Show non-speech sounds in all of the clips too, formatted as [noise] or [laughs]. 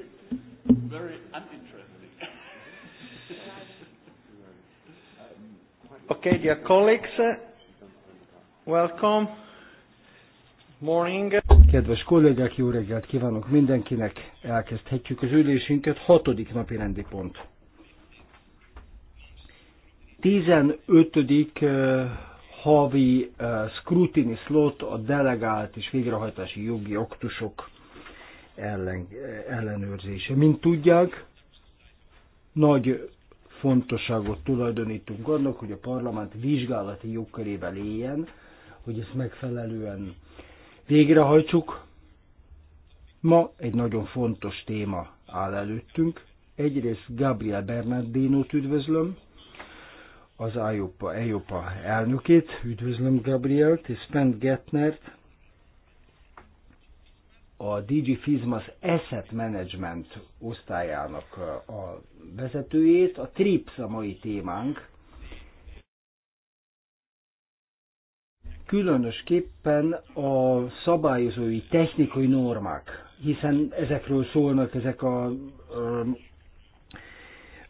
very, very uninteresting. [laughs] okay, dear colleagues, welcome. Morning. Kedves kollégák, jó reggelt kívánok mindenkinek. Elkezdhetjük az ülésünket. Hatodik napi rendi pont. 15. Eh, havi uh, scrutiny slot a delegált és végrehajtási jogi aktusok ellen, ellenőrzése. Mint tudják, nagy fontosságot tulajdonítunk annak, hogy a parlament vizsgálati jogkörével éljen, hogy ezt megfelelően végrehajtsuk. Ma egy nagyon fontos téma áll előttünk. Egyrészt Gabriel Bernardinót üdvözlöm, az IOPA, EIOPA elnökét, üdvözlöm Gabrielt, és Sven Gettnert, a DG Fizmas Asset Management osztályának eh, a vezetőjét. A TRIPS a mai témánk. Különösképpen a szabályozói technikai normák, hiszen ezekről szólnak ezek a eh,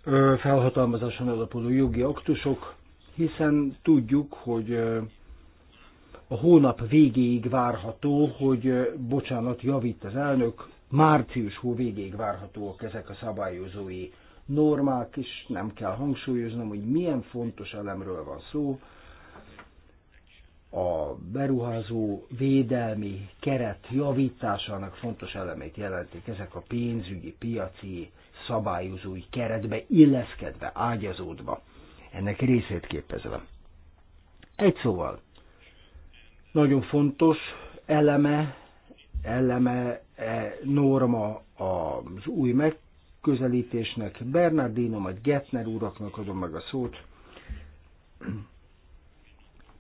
eh, felhatalmazáson alapuló jogi aktusok, hiszen tudjuk, hogy a hónap végéig várható, hogy, bocsánat, javít az elnök, március hó végéig várhatóak ezek a szabályozói normák, és nem kell hangsúlyoznom, hogy milyen fontos elemről van szó. A beruházó védelmi keret javításának fontos elemét jelentik ezek a pénzügyi, piaci, szabályozói keretbe illeszkedve, ágyazódva. Ennek részét képezve. Egy szóval, nagyon fontos eleme, eleme, e, norma az új megközelítésnek. Bernardino, majd Getner úraknak adom meg a szót.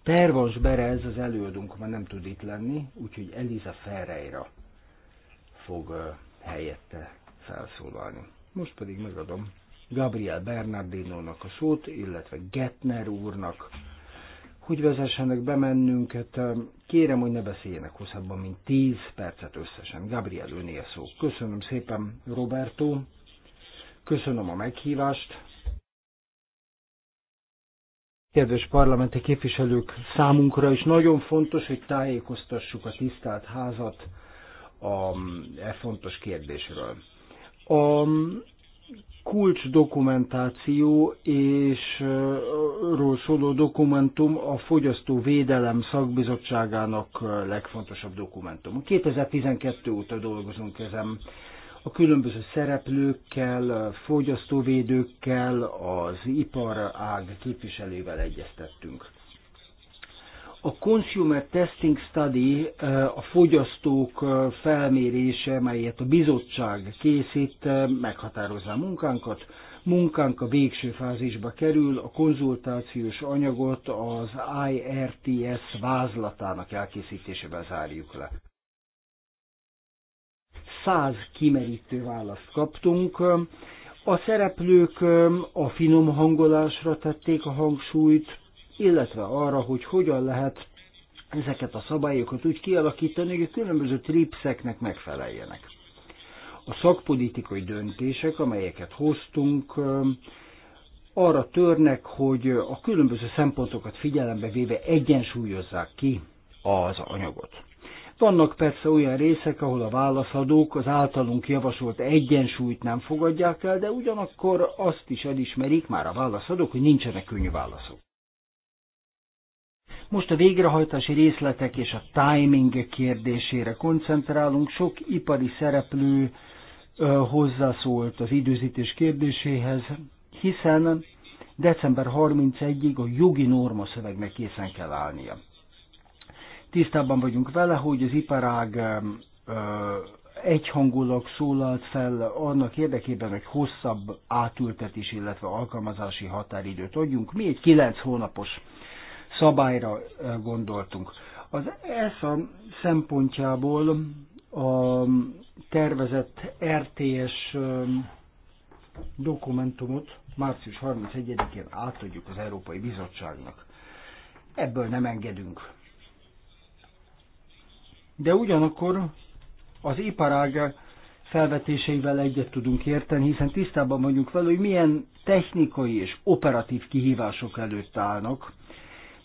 Tervans Berez az előadónk már nem tud itt lenni, úgyhogy Eliza Ferreira fog e, helyette felszólalni. Most pedig megadom Gabriel Bernardino-nak a szót, illetve Getner úrnak, hogy vezessenek be mennünket. Kérem, hogy ne beszéljenek hosszabban, mint 10 percet összesen. Gabriel önél szó. Köszönöm szépen, Roberto. Köszönöm a meghívást. Kedves parlamenti képviselők, számunkra is nagyon fontos, hogy tájékoztassuk a tisztelt házat a e fontos kérdésről. A kulcs dokumentáció és ról szóló dokumentum a Fogyasztó Védelem Szakbizottságának legfontosabb dokumentum. 2012 óta dolgozunk ezen a különböző szereplőkkel, fogyasztóvédőkkel, az iparág képviselővel egyeztettünk. A Consumer Testing Study, eh, a fogyasztók eh, felmérése, melyet a bizottság készít, eh, meghatározza a munkánkat. Munkánk a végső fázisba kerül, a konzultációs anyagot az IRTS vázlatának elkészítésével zárjuk le. Száz kimerítő választ kaptunk. A szereplők a finom hangolásra tették a hangsúlyt, illetve arra, hogy hogyan lehet ezeket a szabályokat úgy kialakítani, hogy a különböző tripszeknek megfeleljenek. A szakpolitikai döntések, amelyeket hoztunk, arra törnek, hogy a különböző szempontokat figyelembe véve egyensúlyozzák ki az anyagot. Vannak persze olyan részek, ahol a válaszadók az általunk javasolt egyensúlyt nem fogadják el, de ugyanakkor azt is elismerik már a válaszadók, hogy nincsenek könnyű válaszok. Most a végrehajtási részletek és a timing kérdésére koncentrálunk. Sok ipari szereplő hozzászólt az időzítés kérdéséhez, hiszen december 31-ig a jogi norma szövegnek készen kell állnia. Tisztában vagyunk vele, hogy az iparág egyhangulag szólalt fel annak érdekében, hogy hosszabb átültetés, illetve alkalmazási határidőt adjunk. Mi egy 9 hónapos szabályra gondoltunk. Az ESA szempontjából a tervezett RTS dokumentumot március 31-én átadjuk az Európai Bizottságnak. Ebből nem engedünk. De ugyanakkor az iparág felvetéseivel egyet tudunk érteni, hiszen tisztában vagyunk vele, hogy milyen technikai és operatív kihívások előtt állnak,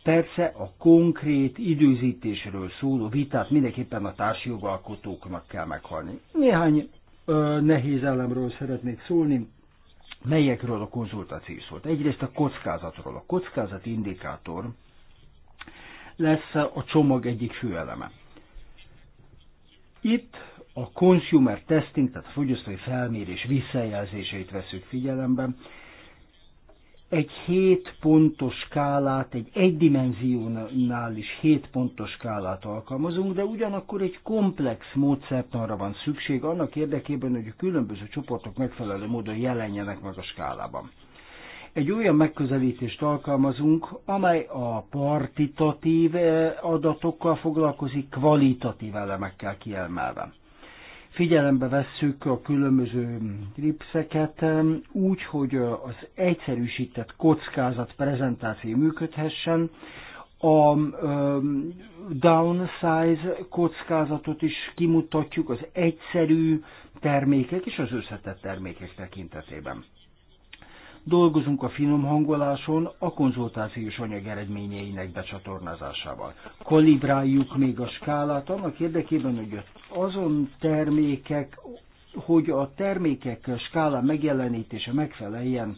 Persze a konkrét időzítésről szóló vitát mindenképpen a társjogalkotóknak kell meghalni. Néhány ö, nehéz elemről szeretnék szólni, melyekről a konzultáció szólt. Egyrészt a kockázatról. A kockázati indikátor lesz a csomag egyik fő eleme. Itt a consumer testing, tehát a fogyasztói felmérés visszajelzéseit veszük figyelembe, egy hét pontos skálát, egy egydimensionális hét pontos skálát alkalmazunk, de ugyanakkor egy komplex módszertanra van szükség annak érdekében, hogy a különböző csoportok megfelelő módon jelenjenek meg a skálában. Egy olyan megközelítést alkalmazunk, amely a partitatív eh, adatokkal foglalkozik, kvalitatív elemekkel kiemelve figyelembe vesszük a különböző ripszeket úgy, hogy az egyszerűsített kockázat prezentáció működhessen, a downsize kockázatot is kimutatjuk az egyszerű termékek és az összetett termékek tekintetében. Dolgozunk a finom hangoláson a konzultációs anyag eredményeinek becsatornázásával. Kalibráljuk még a skálát annak érdekében, hogy azon termékek, hogy a termékek skála megjelenítése megfeleljen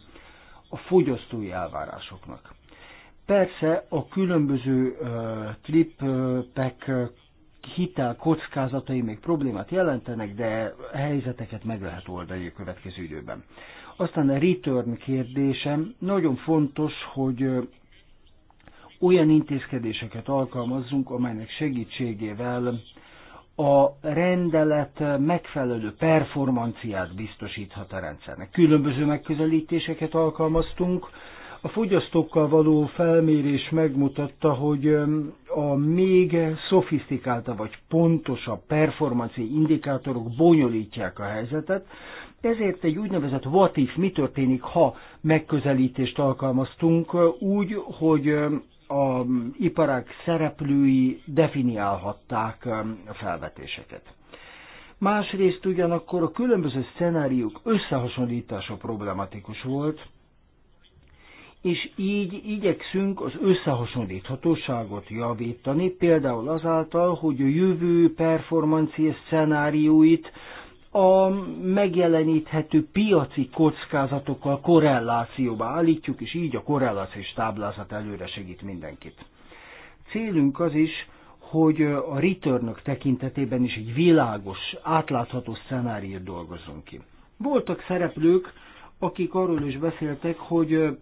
a fogyasztói elvárásoknak. Persze a különböző uh, trippek uh, hitel kockázatai még problémát jelentenek, de helyzeteket meg lehet oldani a következő időben. Aztán a return kérdésem, nagyon fontos, hogy olyan intézkedéseket alkalmazzunk, amelynek segítségével a rendelet megfelelő performanciát biztosíthat a rendszernek. Különböző megközelítéseket alkalmaztunk. A fogyasztókkal való felmérés megmutatta, hogy a még szofisztikálta vagy pontosabb performanci indikátorok bonyolítják a helyzetet, ezért egy úgynevezett what if, mi történik, ha megközelítést alkalmaztunk úgy, hogy um, a iparák szereplői definiálhatták um, a felvetéseket. Másrészt ugyanakkor a különböző szenáriók összehasonlítása problematikus volt, és így igyekszünk az összehasonlíthatóságot javítani, például azáltal, hogy a jövő performancia szenárióit a megjeleníthető piaci kockázatokkal korrelációba állítjuk, és így a korrelációs táblázat előre segít mindenkit. Célunk az is, hogy a returnök tekintetében is egy világos, átlátható szenáriót dolgozzunk ki. Voltak szereplők, akik arról is beszéltek, hogy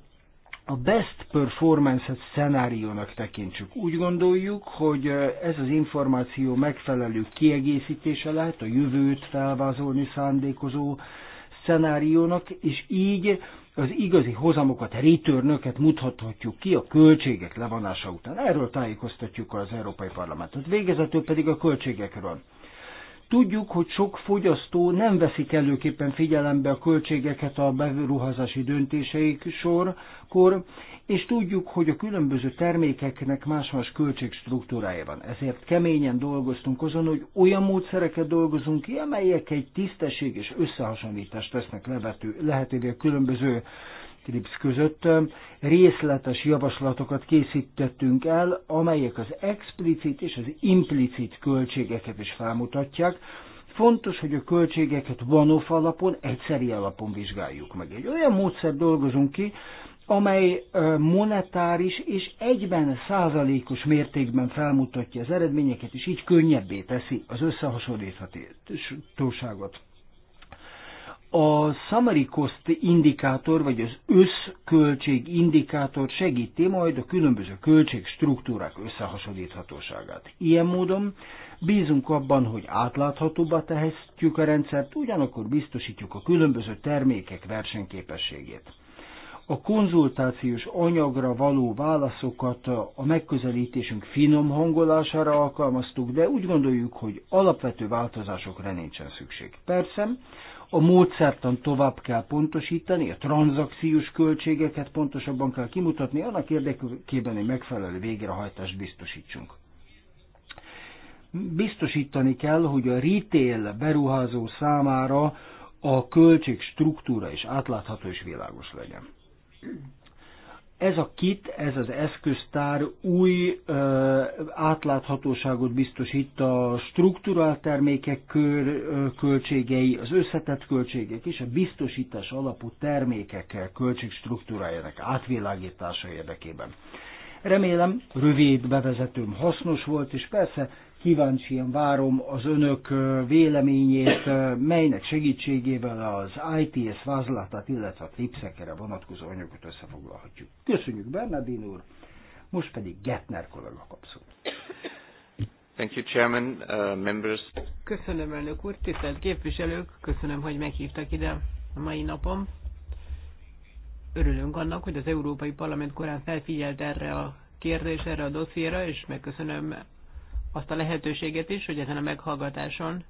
a best performance szenáriónak tekintsük. Úgy gondoljuk, hogy ez az információ megfelelő kiegészítése lehet a jövőt felvázolni szándékozó szenáriónak, és így az igazi hozamokat, returnöket mutathatjuk ki a költségek levonása után. Erről tájékoztatjuk az Európai Parlamentet. Végezetül pedig a költségekről. Tudjuk, hogy sok fogyasztó nem veszik előképpen figyelembe a költségeket a beruházási döntéseik sor, kor, és tudjuk, hogy a különböző termékeknek más-más költségstruktúrája van. Ezért keményen dolgoztunk azon, hogy olyan módszereket dolgozunk ki, amelyek egy tisztességes összehasonlítást tesznek levető, lehetővé a különböző TRIPS között részletes javaslatokat készítettünk el, amelyek az explicit és az implicit költségeket is felmutatják. Fontos, hogy a költségeket one alapon, egyszeri alapon vizsgáljuk meg. Egy olyan módszer dolgozunk ki, amely monetáris és egyben százalékos mértékben felmutatja az eredményeket, és így könnyebbé teszi az összehasonlíthatóságot. A summary cost indikátor, vagy az összköltség indikátor segíti majd a különböző költségstruktúrák összehasonlíthatóságát. Ilyen módon bízunk abban, hogy átláthatóbbá tehetjük a rendszert, ugyanakkor biztosítjuk a különböző termékek versenyképességét a konzultációs anyagra való válaszokat a megközelítésünk finom hangolására alkalmaztuk, de úgy gondoljuk, hogy alapvető változásokra nincsen szükség. Persze, a módszertan tovább kell pontosítani, a tranzakciós költségeket pontosabban kell kimutatni, annak érdekében, hogy megfelelő végrehajtást biztosítsunk. Biztosítani kell, hogy a retail beruházó számára a költség struktúra is átlátható és világos legyen. Ez a kit, ez az eszköztár új ö, átláthatóságot biztosít a strukturált termékek kör, ö, költségei, az összetett költségek és a biztosítás alapú termékek költségstruktúrájának átvilágítása érdekében. Remélem, rövid bevezetőm hasznos volt, és persze kíváncsian várom az önök véleményét, melynek segítségével az ITS vázlatát, illetve a tripszekere vonatkozó anyagot összefoglalhatjuk. Köszönjük Bernardin úr, most pedig Getner kollega kapszol. Thank you, Chairman, uh, members. Köszönöm, elnök úr, tisztelt képviselők, köszönöm, hogy meghívtak ide a mai napom. Örülünk annak, hogy az Európai Parlament korán felfigyelt erre a kérdés, erre a dossziéra, és megköszönöm azt a lehetőséget is, hogy ezen a meghallgatáson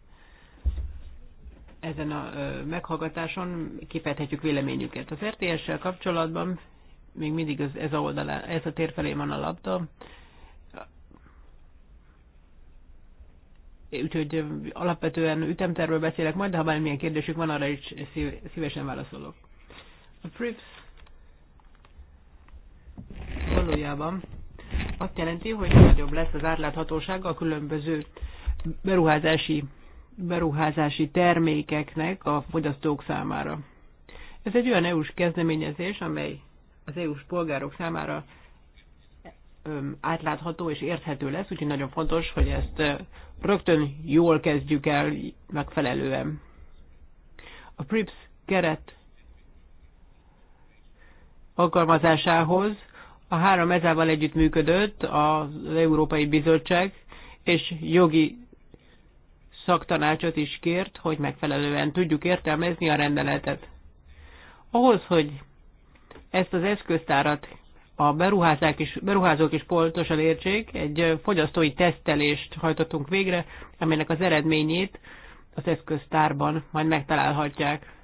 ezen a meghallgatáson kifejthetjük véleményüket. Az RTS-sel kapcsolatban még mindig ez, ez a oldalá, ez a tér felé van a labda. Úgyhogy alapvetően ütemterről beszélek majd, de ha bármilyen kérdésük van, arra is szívesen válaszolok. A PRIPS valójában azt jelenti, hogy nagyobb lesz az átláthatósága a különböző beruházási, beruházási termékeknek a fogyasztók számára. Ez egy olyan EU-s kezdeményezés, amely az EU-s polgárok számára átlátható és érthető lesz, úgyhogy nagyon fontos, hogy ezt rögtön jól kezdjük el megfelelően. A PRIPS keret alkalmazásához a három ezával együtt működött az Európai Bizottság, és jogi szaktanácsot is kért, hogy megfelelően tudjuk értelmezni a rendeletet. Ahhoz, hogy ezt az eszköztárat a beruházák is, beruházók is pontosan értsék, egy fogyasztói tesztelést hajtottunk végre, aminek az eredményét az eszköztárban majd megtalálhatják.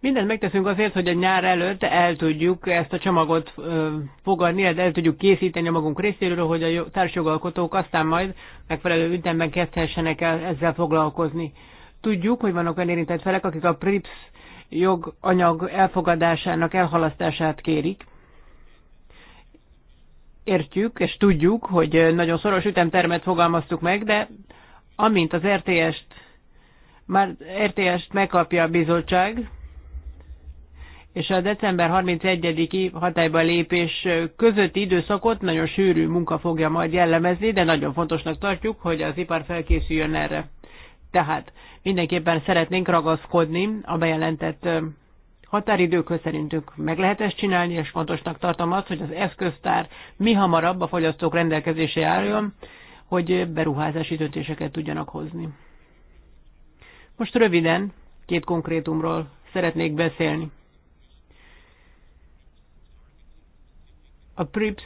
Mindent megteszünk azért, hogy a nyár előtt el tudjuk ezt a csomagot fogadni, el tudjuk készíteni a magunk részéről, hogy a társjogalkotók aztán majd megfelelő ütemben kezdhessenek el ezzel foglalkozni. Tudjuk, hogy vannak olyan érintett felek, akik a PRIPS joganyag elfogadásának elhalasztását kérik. Értjük és tudjuk, hogy nagyon szoros ütemtermet fogalmaztuk meg, de amint az RTS-t már RTS-t megkapja a bizottság, és a december 31-i hatályba lépés közötti időszakot nagyon sűrű munka fogja majd jellemezni, de nagyon fontosnak tartjuk, hogy az ipar felkészüljön erre. Tehát mindenképpen szeretnénk ragaszkodni a bejelentett határidőkhöz szerintünk meg lehet ezt csinálni, és fontosnak tartom azt, hogy az eszköztár mi hamarabb a fogyasztók rendelkezésé álljon, hogy beruházási döntéseket tudjanak hozni. Most röviden két konkrétumról szeretnék beszélni. a PRIPS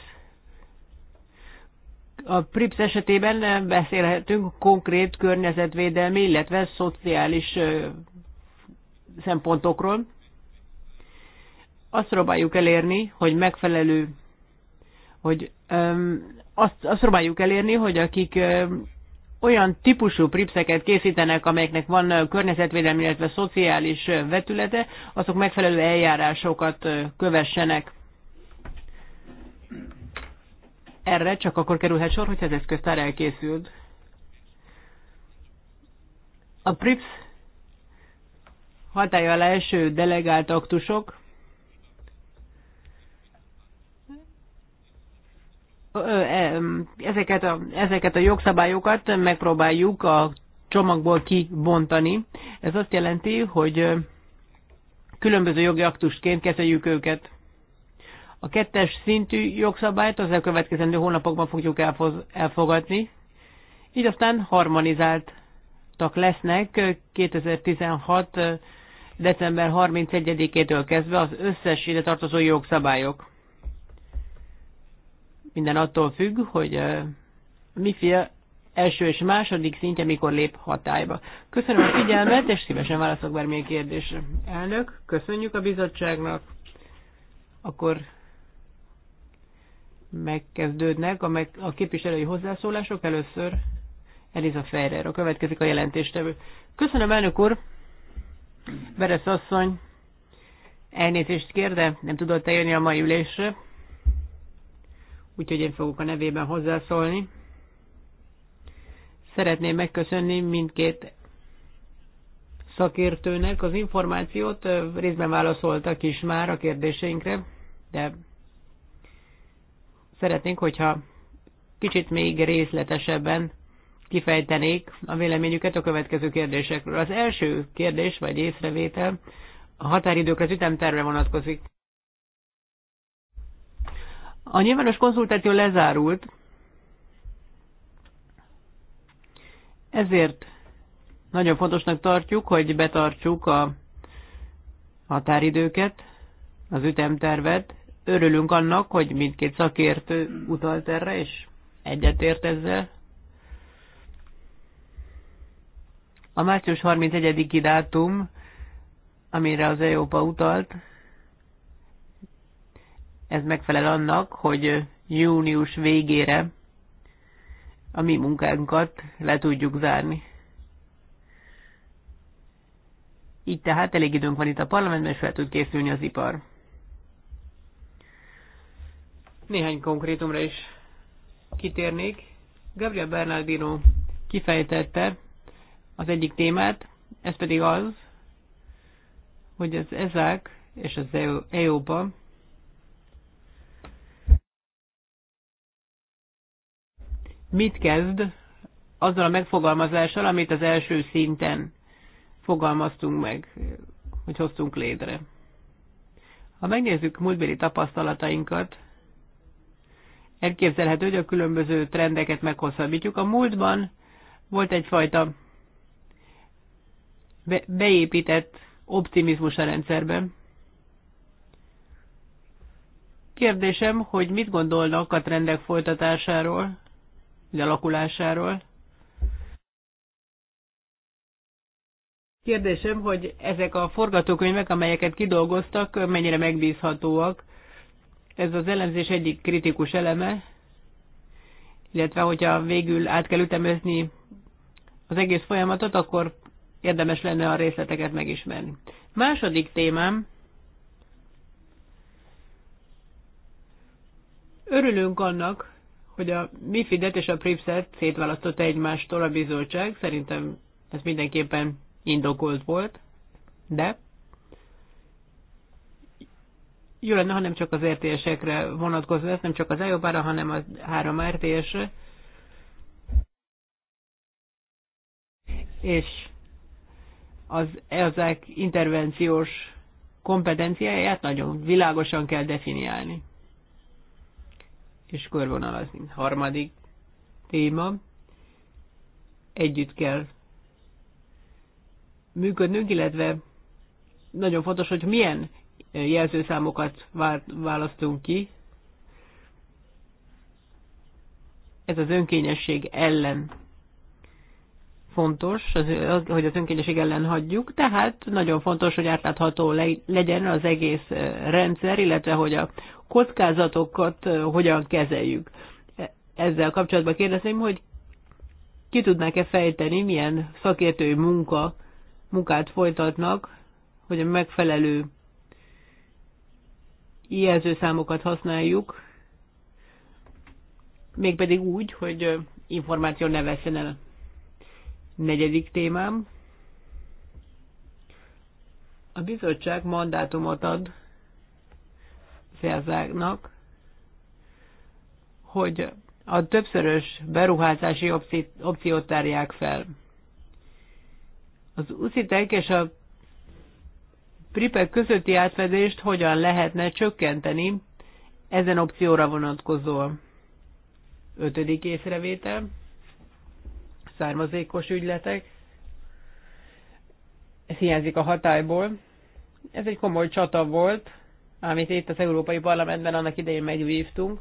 a PRIPS esetében beszélhetünk konkrét környezetvédelmi, illetve szociális szempontokról. Azt próbáljuk elérni, hogy megfelelő, hogy öm, azt, azt próbáljuk elérni, hogy akik öm, olyan típusú pripszeket készítenek, amelyeknek van környezetvédelmi, illetve szociális vetülete, azok megfelelő eljárásokat kövessenek erre csak akkor kerülhet sor, hogyha az eszköztár elkészült. A PRIPS hatája alá első delegált aktusok e, ezeket a, ezeket a jogszabályokat megpróbáljuk a csomagból kibontani. Ez azt jelenti, hogy különböző jogi aktusként kezeljük őket. A kettes szintű jogszabályt az elkövetkezendő hónapokban fogjuk elfogadni, így aztán harmonizáltak lesznek 2016. december 31-től kezdve az összes ide tartozó jogszabályok. Minden attól függ, hogy MIFIA első és második szintje mikor lép hatályba. Köszönöm a figyelmet, és szívesen válaszok bármilyen kérdésre. Elnök, köszönjük a bizottságnak. Akkor megkezdődnek a, meg, a képviselői hozzászólások. Először Eliza Ferrer, a következik a jelentéstevő. Köszönöm, elnök úr! Beresz asszony, elnézést kér, de nem tudott eljönni a mai ülésre, úgyhogy én fogok a nevében hozzászólni. Szeretném megköszönni mindkét szakértőnek az információt, részben válaszoltak is már a kérdéseinkre, de szeretnénk, hogyha kicsit még részletesebben kifejtenék a véleményüket a következő kérdésekről. Az első kérdés, vagy észrevétel, a határidők az ütemterve vonatkozik. A nyilvános konzultáció lezárult, ezért nagyon fontosnak tartjuk, hogy betartsuk a határidőket, az ütemtervet, Örülünk annak, hogy mindkét szakértő utalt erre, és egyetért ezzel. A március 31-i dátum, amire az Európa utalt, ez megfelel annak, hogy június végére a mi munkánkat le tudjuk zárni. Így tehát elég időnk van itt a parlamentben, és fel tud készülni az ipar. Néhány konkrétumra is kitérnék. Gabriel Bernardino kifejtette az egyik témát, ez pedig az, hogy az ezák és az EO-ba e mit kezd azzal a megfogalmazással, amit az első szinten fogalmaztunk meg, hogy hoztunk létre. Ha megnézzük múltbéli tapasztalatainkat, elképzelhető, hogy a különböző trendeket meghosszabbítjuk. A múltban volt egyfajta be, beépített optimizmus a rendszerben. Kérdésem, hogy mit gondolnak a trendek folytatásáról, vagy alakulásáról? Kérdésem, hogy ezek a forgatókönyvek, amelyeket kidolgoztak, mennyire megbízhatóak, ez az elemzés egyik kritikus eleme, illetve hogyha végül át kell ütemezni az egész folyamatot, akkor érdemes lenne a részleteket megismerni. Második témám, örülünk annak, hogy a MIFID-et és a PRIPS-et szétválasztotta egymástól a bizottság, szerintem ez mindenképpen indokolt volt, de jó lenne, ha nem csak az RTS-ekre ez nem csak az IOPA-ra, hanem a három RTS-re. És az ezek intervenciós kompetenciáját nagyon világosan kell definiálni. És körvonalazni. Harmadik téma. Együtt kell működnünk, illetve nagyon fontos, hogy milyen jelzőszámokat választunk ki. Ez az önkényesség ellen fontos, az, hogy az önkényesség ellen hagyjuk, tehát nagyon fontos, hogy átlátható legyen az egész rendszer, illetve hogy a kockázatokat hogyan kezeljük. E, ezzel kapcsolatban kérdezném, hogy ki tudnák-e fejteni, milyen szakértői munka, munkát folytatnak, hogy a megfelelő jelzőszámokat használjuk, mégpedig úgy, hogy információ ne veszen el. Negyedik témám. A bizottság mandátumot ad szerzáknak, hogy a többszörös beruházási opciót tárják fel. Az uszitek és a pripek közötti átfedést hogyan lehetne csökkenteni ezen opcióra vonatkozóan. Ötödik észrevétel, származékos ügyletek, ez hiányzik a hatályból. Ez egy komoly csata volt, amit itt az Európai Parlamentben annak idején megvívtunk.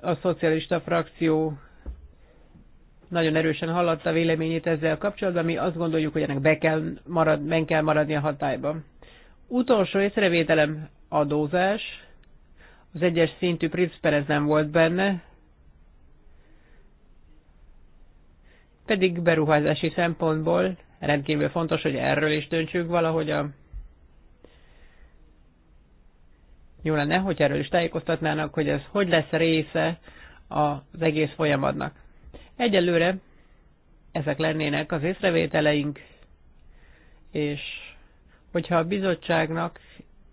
A szocialista frakció nagyon erősen hallotta véleményét ezzel kapcsolatban, mi azt gondoljuk, hogy ennek be kell, marad, ben kell maradni a hatályban. Utolsó észrevételem adózás. Az egyes szintű Pritzper ez nem volt benne, pedig beruházási szempontból rendkívül fontos, hogy erről is döntsünk valahogy a jó lenne, hogy erről is tájékoztatnának, hogy ez hogy lesz része az egész folyamatnak. Egyelőre ezek lennének az észrevételeink, és hogyha a bizottságnak,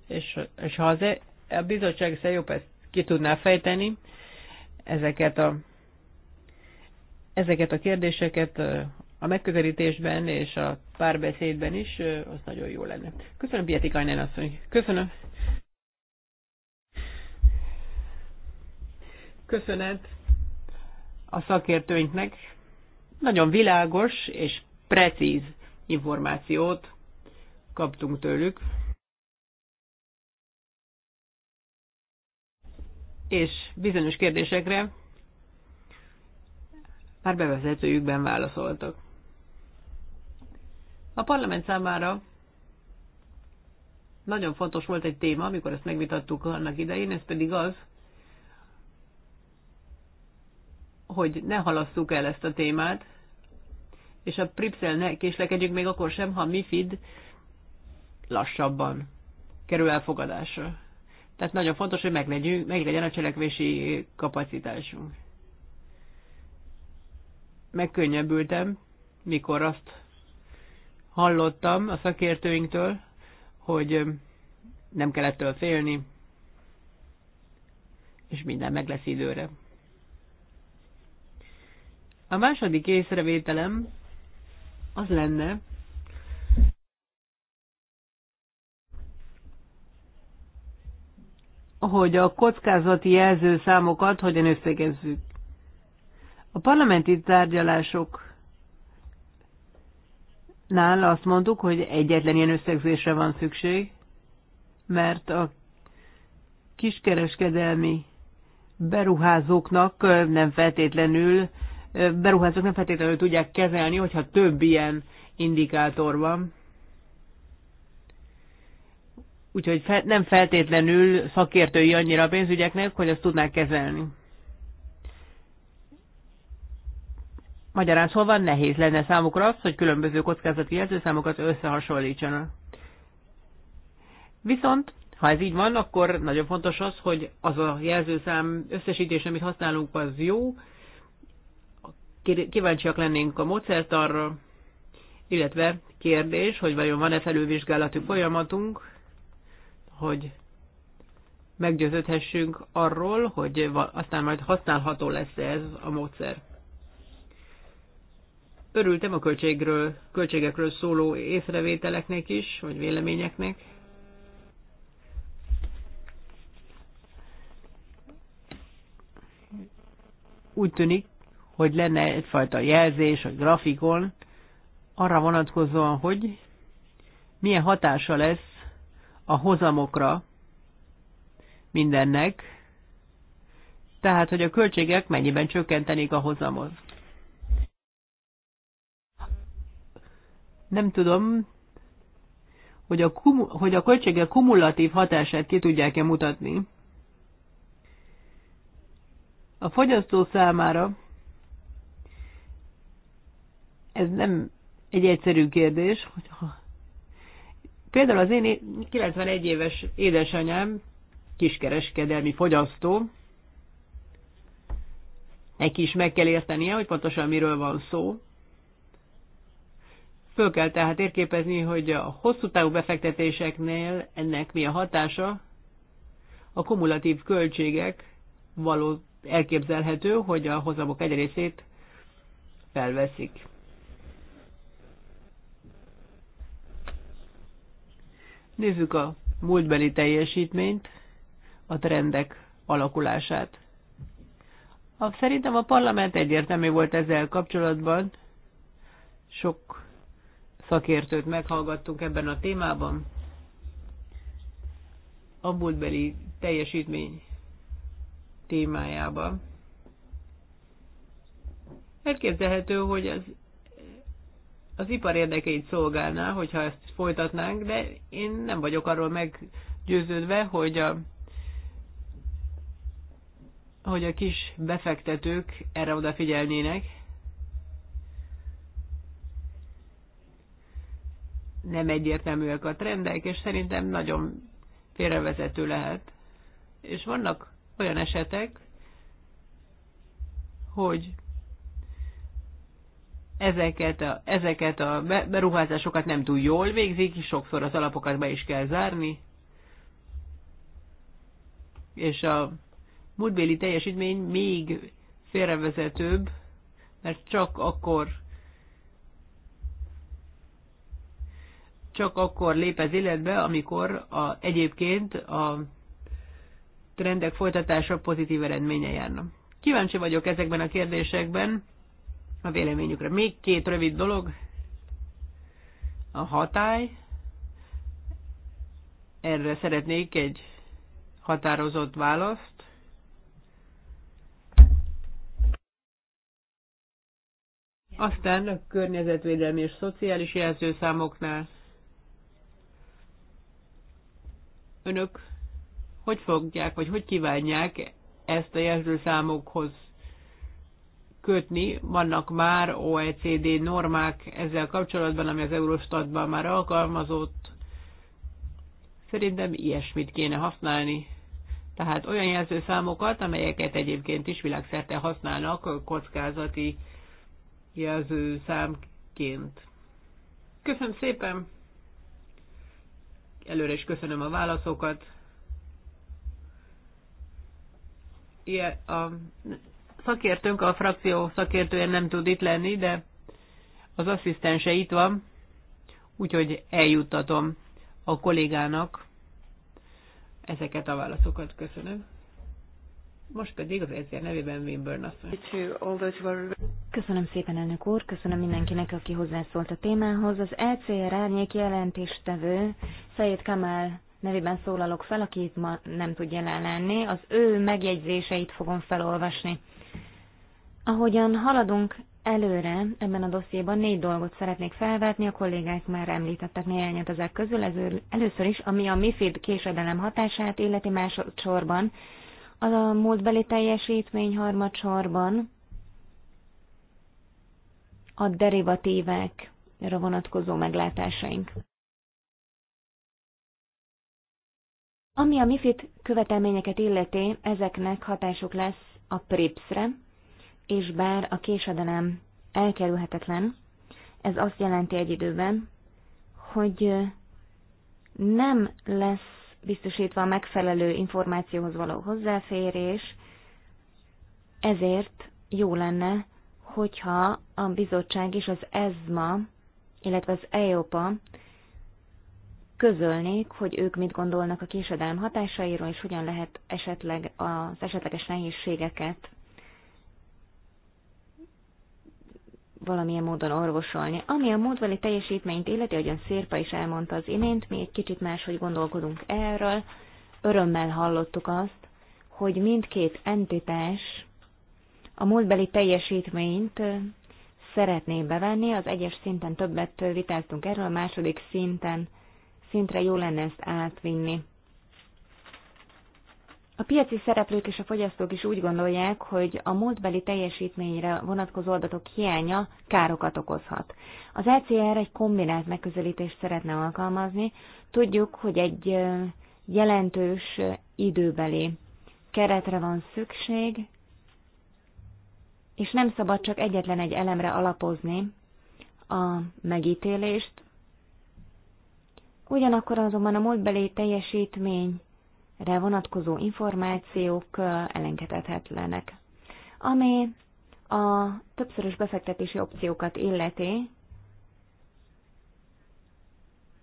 és, és ha az, e, a bizottság jobb ezt ki tudná fejteni, ezeket a, ezeket a kérdéseket a megközelítésben és a párbeszédben is, az nagyon jó lenne. Köszönöm, Pieti Kajnán asszony. Köszönöm. Köszönet a szakértőinknek nagyon világos és precíz információt kaptunk tőlük. És bizonyos kérdésekre már bevezetőjükben válaszoltak. A parlament számára nagyon fontos volt egy téma, amikor ezt megvitattuk annak idején, ez pedig az, hogy ne halasszuk el ezt a témát, és a Pripszel ne késlekedjük még akkor sem, ha MIFID lassabban kerül elfogadásra. Tehát nagyon fontos, hogy meglegyünk, meglegyen a cselekvési kapacitásunk. Megkönnyebbültem, mikor azt hallottam a szakértőinktől, hogy nem kellettől félni, és minden meg lesz időre. A második észrevételem az lenne, hogy a kockázati jelző számokat hogyan összegezzük. A parlamenti tárgyalásoknál azt mondtuk, hogy egyetlen ilyen összegzésre van szükség, mert a kiskereskedelmi beruházóknak nem feltétlenül beruházók nem feltétlenül tudják kezelni, hogyha több ilyen indikátor van. Úgyhogy fe, nem feltétlenül szakértői annyira a pénzügyeknek, hogy azt tudnák kezelni. Magyarán szóval nehéz lenne számukra az, hogy különböző kockázati jelzőszámokat összehasonlítsanak. Viszont, ha ez így van, akkor nagyon fontos az, hogy az a jelzőszám összesítés, amit használunk, az jó, kíváncsiak lennénk a módszertarra, illetve kérdés, hogy vajon van-e felülvizsgálati folyamatunk, hogy meggyőződhessünk arról, hogy aztán majd használható lesz ez a módszer. Örültem a költségről, költségekről szóló észrevételeknek is, vagy véleményeknek. Úgy tűnik, hogy lenne egyfajta jelzés, vagy grafikon arra vonatkozóan, hogy milyen hatása lesz a hozamokra mindennek, tehát hogy a költségek mennyiben csökkentenék a hozamot. Nem tudom, hogy a, hogy a költségek kumulatív hatását ki tudják-e mutatni. A fogyasztó számára ez nem egy egyszerű kérdés, hogy ha... Például az én 91 éves édesanyám kiskereskedelmi fogyasztó, neki is meg kell értenie, hogy pontosan miről van szó. Föl kell tehát érképezni, hogy a hosszú távú befektetéseknél ennek mi a hatása, a kumulatív költségek való elképzelhető, hogy a hozamok egy részét felveszik. Nézzük a múltbeli teljesítményt, a trendek alakulását. A, szerintem a parlament egyértelmű volt ezzel kapcsolatban. Sok szakértőt meghallgattunk ebben a témában. A múltbeli teljesítmény témájában. Elképzelhető, hogy az az ipar érdekeit szolgálná, hogyha ezt folytatnánk, de én nem vagyok arról meggyőződve, hogy a, hogy a kis befektetők erre odafigyelnének. Nem egyértelműek a trendek, és szerintem nagyon félrevezető lehet. És vannak olyan esetek, hogy ezeket a, ezeket a beruházásokat nem túl jól végzik, sokszor az alapokat be is kell zárni, és a múltbéli teljesítmény még félrevezetőbb, mert csak akkor csak akkor lép ez életbe, amikor a, egyébként a trendek folytatása pozitív eredménye járna. Kíváncsi vagyok ezekben a kérdésekben a véleményükre. Még két rövid dolog. A hatály. Erre szeretnék egy határozott választ. Aztán a környezetvédelmi és szociális jelzőszámoknál önök hogy fogják, vagy hogy kívánják ezt a jelzőszámokhoz kötni. Vannak már OECD normák ezzel kapcsolatban, ami az Eurostatban már alkalmazott. Szerintem ilyesmit kéne használni. Tehát olyan jelzőszámokat, amelyeket egyébként is világszerte használnak kockázati jelzőszámként. Köszönöm szépen! Előre is köszönöm a válaszokat. Ilyen, a szakértőnk, a frakció szakértője nem tud itt lenni, de az asszisztense itt van, úgyhogy eljuttatom a kollégának ezeket a válaszokat. Köszönöm. Most pedig az ezért nevében Wimburn asszony. Köszönöm szépen, elnök úr, köszönöm mindenkinek, aki hozzászólt a témához. Az ECR árnyék jelentéstevő Szejét Kamal nevében szólalok fel, aki itt ma nem tud jelen lenni. Az ő megjegyzéseit fogom felolvasni. Ahogyan haladunk előre ebben a dossziéban négy dolgot szeretnék felvetni, a kollégák már említettek néhányat ezek közül. Először is, ami a MIFID késedelem hatását illeti másodszorban, az a múltbeli teljesítmény harmadsorban a derivatívákra vonatkozó meglátásaink. Ami a MIFID követelményeket illeti, ezeknek hatásuk lesz a PRIPS-re, és bár a késedelem elkerülhetetlen, ez azt jelenti egy időben, hogy nem lesz biztosítva a megfelelő információhoz való hozzáférés, ezért jó lenne, hogyha a bizottság és az ESMA, illetve az EOPA közölnék, hogy ők mit gondolnak a késedelem hatásairól, és hogyan lehet esetleg az esetleges nehézségeket valamilyen módon orvosolni. Ami a módbeli teljesítményt illeti, ahogyan Szérpa is elmondta az imént, mi egy kicsit máshogy gondolkodunk erről. Örömmel hallottuk azt, hogy mindkét entitás a múltbeli teljesítményt szeretné bevenni, az egyes szinten többet vitáztunk erről, a második szinten szintre jó lenne ezt átvinni. A piaci szereplők és a fogyasztók is úgy gondolják, hogy a múltbeli teljesítményre vonatkozó adatok hiánya károkat okozhat. Az ECR egy kombinált megközelítést szeretne alkalmazni. Tudjuk, hogy egy jelentős időbeli keretre van szükség, és nem szabad csak egyetlen egy elemre alapozni a megítélést, Ugyanakkor azonban a múltbeli teljesítményre vonatkozó információk elengedhetetlenek. Ami a többszörös befektetési opciókat illeti,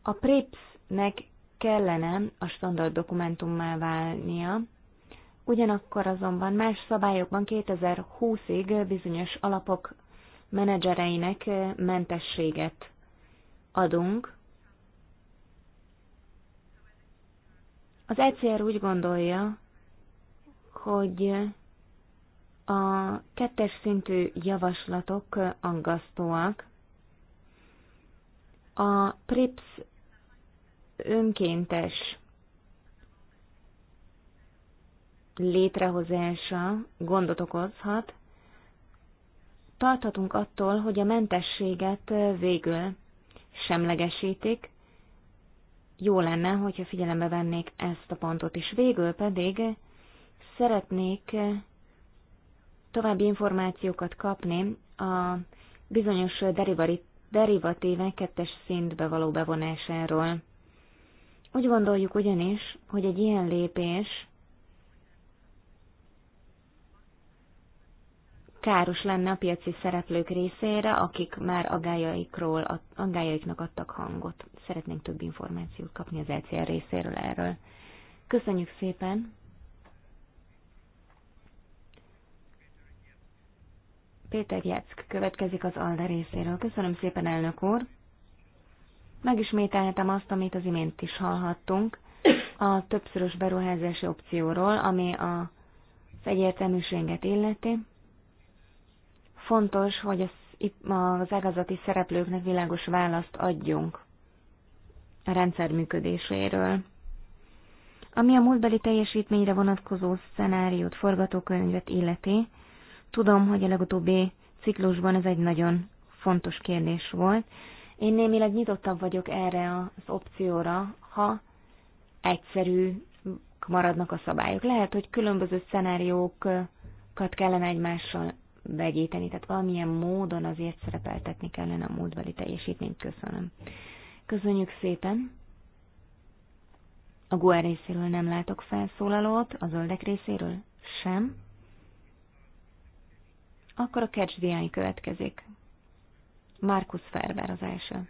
a PRIPS-nek kellene a standard dokumentummá válnia, ugyanakkor azonban más szabályokban 2020-ig bizonyos alapok menedzsereinek mentességet adunk, Az ECR úgy gondolja, hogy a kettes szintű javaslatok aggasztóak. A PRIPS önkéntes létrehozása gondot okozhat, tarthatunk attól, hogy a mentességet végül semlegesítik, jó lenne, hogyha figyelembe vennék ezt a pontot is. Végül pedig szeretnék további információkat kapni a bizonyos derivatíve kettes szintbe való bevonásáról. Úgy gondoljuk ugyanis, hogy egy ilyen lépés káros lenne a piaci szereplők részére, akik már aggájaikról, aggájaiknak adtak hangot. Szeretnénk több információt kapni az ECR részéről erről. Köszönjük szépen! Péter Jeck következik az ALDE részéről. Köszönöm szépen, elnök úr! Megismételhetem azt, amit az imént is hallhattunk, a többszörös beruházási opcióról, ami a, az egyértelműséget illeti. Fontos, hogy az, az ágazati szereplőknek világos választ adjunk a rendszer működéséről. Ami a múltbeli teljesítményre vonatkozó szenáriót, forgatókönyvet illeti, tudom, hogy a legutóbbi ciklusban ez egy nagyon fontos kérdés volt. Én némileg nyitottabb vagyok erre az opcióra, ha egyszerű maradnak a szabályok. Lehet, hogy különböző szenáriókat kellene egymással vegyíteni, tehát valamilyen módon azért szerepeltetni kellene a múltbeli teljesítményt. Köszönöm. Köszönjük szépen! A GUE részéről nem látok felszólalót, a zöldek részéről sem. Akkor a Catch the következik. Markus Ferber az első.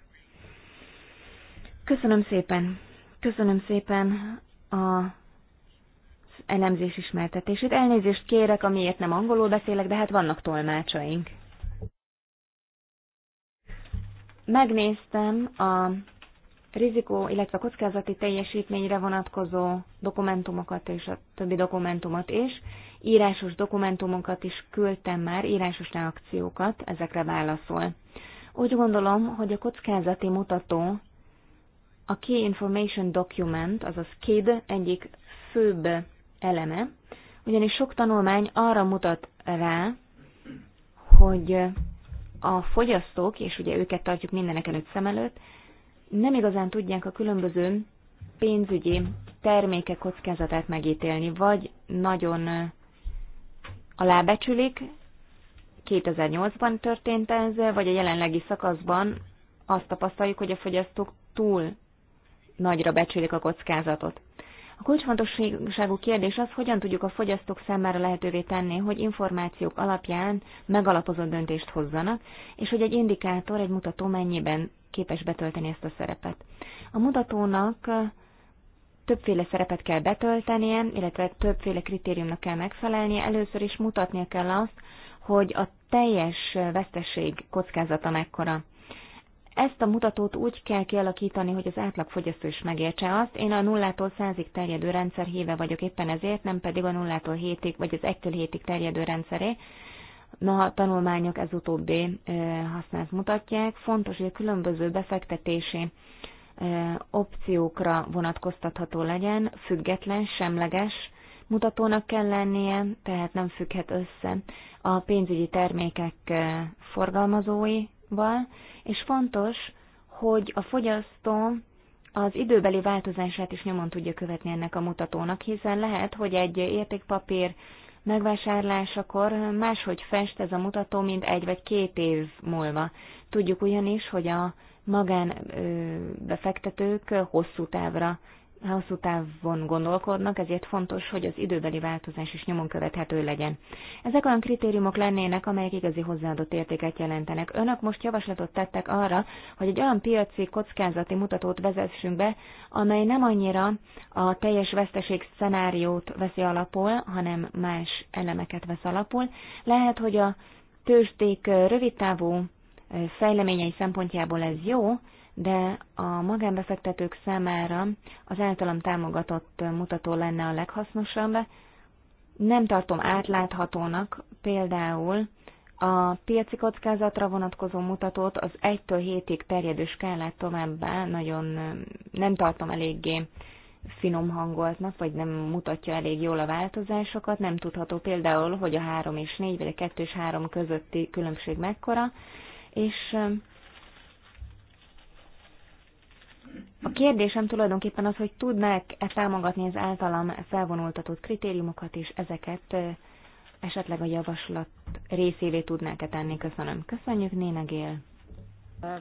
Köszönöm szépen! Köszönöm szépen a elemzés ismertetését. Elnézést kérek, amiért nem angolul beszélek, de hát vannak tolmácsaink. Megnéztem a rizikó, illetve a kockázati teljesítményre vonatkozó dokumentumokat és a többi dokumentumot is. Írásos dokumentumokat is küldtem már, írásos reakciókat, ezekre válaszol. Úgy gondolom, hogy a kockázati mutató a Key Information Document, azaz KID egyik főbb eleme, ugyanis sok tanulmány arra mutat rá, hogy a fogyasztók, és ugye őket tartjuk mindenek előtt szem előtt, nem igazán tudják a különböző pénzügyi termékek kockázatát megítélni, vagy nagyon alábecsülik, 2008-ban történt ez, vagy a jelenlegi szakaszban azt tapasztaljuk, hogy a fogyasztók túl nagyra becsülik a kockázatot. A kulcsfontosságú kérdés az, hogyan tudjuk a fogyasztók számára lehetővé tenni, hogy információk alapján megalapozott döntést hozzanak, és hogy egy indikátor, egy mutató mennyiben képes betölteni ezt a szerepet. A mutatónak többféle szerepet kell betöltenie, illetve többféle kritériumnak kell megfelelnie. Először is mutatnia kell azt, hogy a teljes veszteség kockázata mekkora. Ezt a mutatót úgy kell kialakítani, hogy az átlagfogyasztó is megértse azt. Én a nullától százig terjedő rendszer híve vagyok éppen ezért, nem pedig a nullától hétig, vagy az egytől hétig terjedő rendszeré. Noha a tanulmányok ez utóbbi használt mutatják, fontos, hogy a különböző befektetési opciókra vonatkoztatható legyen, független, semleges mutatónak kell lennie, tehát nem függhet össze a pénzügyi termékek forgalmazói val, és fontos, hogy a fogyasztó az időbeli változását is nyomon tudja követni ennek a mutatónak, hiszen lehet, hogy egy értékpapír megvásárlásakor máshogy fest ez a mutató, mint egy vagy két év múlva. Tudjuk ugyanis, hogy a magánbefektetők hosszú távra hosszú távon gondolkodnak, ezért fontos, hogy az időbeli változás is nyomon követhető legyen. Ezek olyan kritériumok lennének, amelyek igazi hozzáadott értéket jelentenek. Önök most javaslatot tettek arra, hogy egy olyan piaci kockázati mutatót vezessünk be, amely nem annyira a teljes veszteség szenáriót veszi alapul, hanem más elemeket vesz alapul. Lehet, hogy a tőzsdék rövidtávú eh, fejleményei szempontjából ez jó, de a magánbefektetők számára az általam támogatott mutató lenne a leghasznosabb. Nem tartom átláthatónak például a piaci kockázatra vonatkozó mutatót az 1-től 7-ig terjedő skálát továbbá nagyon um, nem tartom eléggé finom hangoltnak, vagy nem mutatja elég jól a változásokat. Nem tudható például, hogy a 3 és 4, vagy a 2 és 3 közötti különbség mekkora, és um, a kérdésem tulajdonképpen az, hogy tudnák-e támogatni az általam felvonultatott kritériumokat, és ezeket esetleg a javaslat részévé tudnák-e tenni. Köszönöm. Köszönjük, Néna Gél. Um,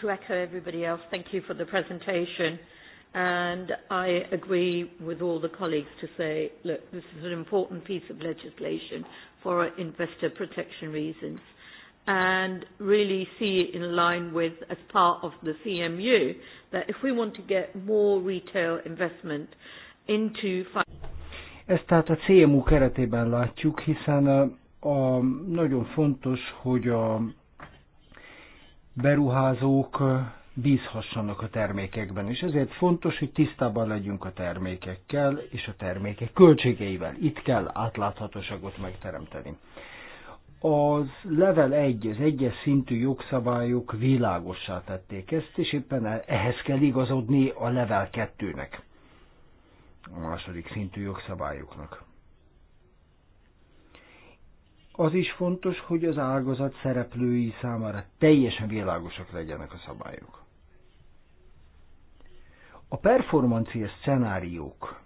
to echo everybody else, thank you for the presentation. And I agree with all the colleagues to say, look, this is an important piece of legislation for investor protection reasons and really see it in line with, as part of the CMU, that if we want to get more retail investment into... Ezt tehát a CMU keretében látjuk, hiszen a, a, nagyon fontos, hogy a beruházók bízhassanak a termékekben, és ezért fontos, hogy tisztában legyünk a termékekkel és a termékek költségeivel. Itt kell átláthatóságot megteremteni az level 1, az egyes szintű jogszabályok világossá tették ezt, és éppen e- ehhez kell igazodni a level 2-nek, a második szintű jogszabályoknak. Az is fontos, hogy az ágazat szereplői számára teljesen világosak legyenek a szabályok. A performancia szenáriók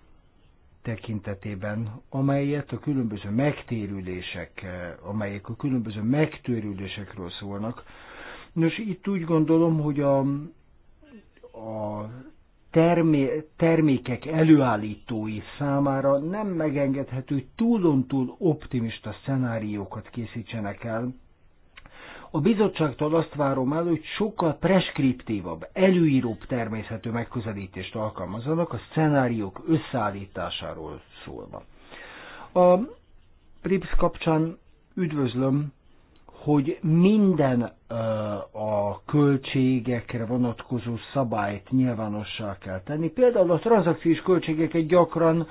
tekintetében, amelyet a különböző megtérülések, eh, amelyek a különböző megtérülésekről szólnak. Nos, itt úgy gondolom, hogy a, a termé, termékek előállítói számára nem megengedhető túlontúl optimista szenáriókat készítsenek el, a bizottságtól azt várom el, hogy sokkal preskriptívabb, előíróbb természetű megközelítést alkalmazzanak a szenáriók összeállításáról szólva. A RIPS kapcsán üdvözlöm, hogy minden a költségekre vonatkozó szabályt nyilvánossá kell tenni. Például a tranzakciós költségeket gyakran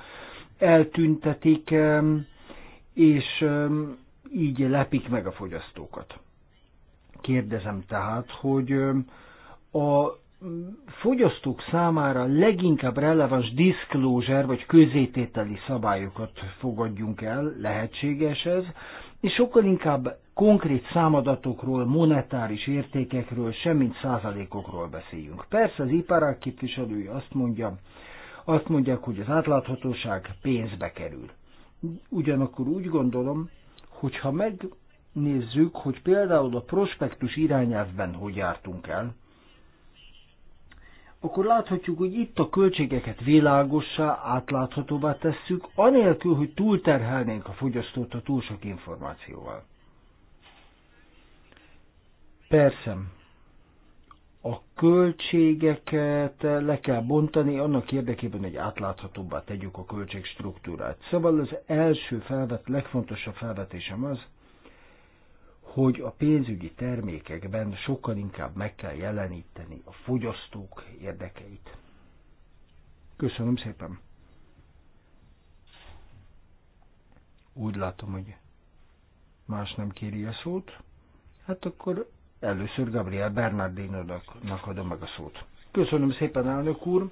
eltüntetik, és így lepik meg a fogyasztókat. Kérdezem tehát, hogy a fogyasztók számára leginkább releváns disclosure vagy közétételi szabályokat fogadjunk el, lehetséges ez, és sokkal inkább konkrét számadatokról, monetáris értékekről, semmint százalékokról beszéljünk. Persze az iparák képviselői azt mondja, azt mondják, hogy az átláthatóság pénzbe kerül. Ugyanakkor úgy gondolom, hogyha meg nézzük, hogy például a prospektus irányelvben hogy jártunk el, akkor láthatjuk, hogy itt a költségeket világossá, átláthatóvá tesszük, anélkül, hogy túlterhelnénk a fogyasztót a túl sok információval. Persze, a költségeket le kell bontani annak érdekében, hogy átláthatóbbá tegyük a költségstruktúrát. Szóval az első felvet, legfontosabb felvetésem az, hogy a pénzügyi termékekben sokkal inkább meg kell jeleníteni a fogyasztók érdekeit. Köszönöm szépen! Úgy látom, hogy más nem kéri a szót. Hát akkor először Gabriel Bernardino-nak adom meg a szót. Köszönöm szépen, elnök úr!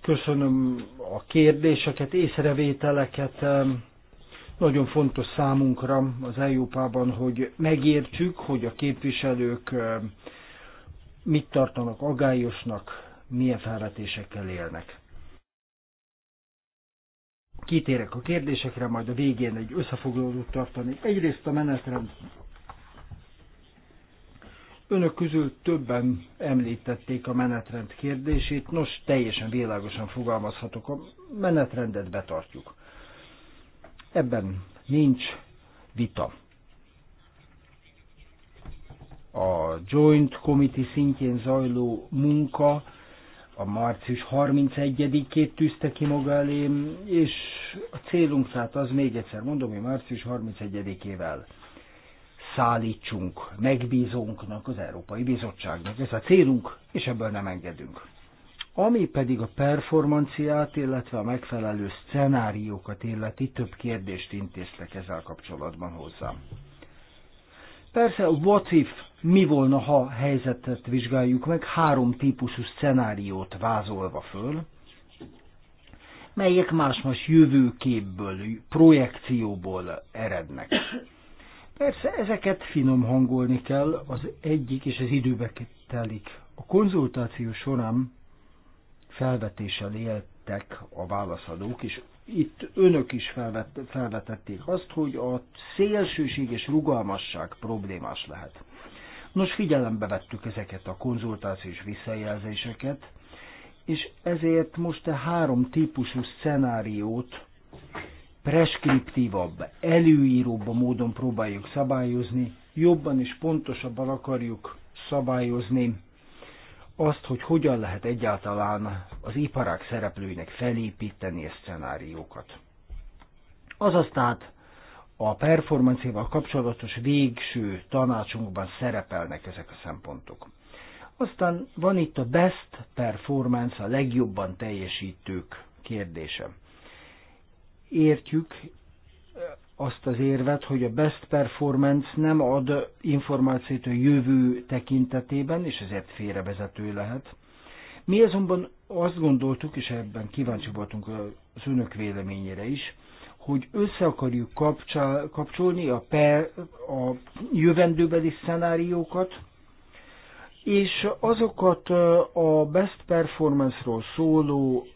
Köszönöm a kérdéseket, észrevételeket, nagyon fontos számunkra az Európában, hogy megértsük, hogy a képviselők mit tartanak agályosnak, milyen felvetésekkel élnek. Kitérek a kérdésekre, majd a végén egy összefoglalót tartani. Egyrészt a menetrend. Önök közül többen említették a menetrend kérdését, nos, teljesen világosan fogalmazhatok, a menetrendet betartjuk. Ebben nincs vita. A Joint Committee szintjén zajló munka a március 31-ét tűzte ki maga elé, és a célunk tehát az, még egyszer mondom, hogy március 31-ével szállítsunk megbízónknak, az Európai Bizottságnak. Ez a célunk, és ebből nem engedünk. Ami pedig a performanciát, illetve a megfelelő szenáriókat illeti, több kérdést intéztek ezzel kapcsolatban hozzám. Persze a what if, mi volna, ha helyzetet vizsgáljuk meg, három típusú szenáriót vázolva föl, melyek más-más jövőképből, projekcióból erednek. Persze ezeket finom hangolni kell, az egyik és az időbe telik. A konzultáció során felvetéssel éltek a válaszadók, és itt önök is felvet, felvetették azt, hogy a szélsőséges rugalmasság problémás lehet. Nos, figyelembe vettük ezeket a konzultációs visszajelzéseket, és ezért most a három típusú szenáriót preskriptívabb, előíróbb a módon próbáljuk szabályozni, jobban és pontosabban akarjuk szabályozni azt, hogy hogyan lehet egyáltalán az iparák szereplőinek felépíteni a szenáriókat. Azaz tehát a performanciával kapcsolatos végső tanácsunkban szerepelnek ezek a szempontok. Aztán van itt a best performance, a legjobban teljesítők kérdése. Értjük azt az érvet, hogy a best performance nem ad információt a jövő tekintetében, és ezért félrevezető lehet. Mi azonban azt gondoltuk, és ebben kíváncsi voltunk az önök véleményére is, hogy össze akarjuk kapcsol, kapcsolni a, per, a jövendőbeli szenáriókat, és azokat a best performance-ról szóló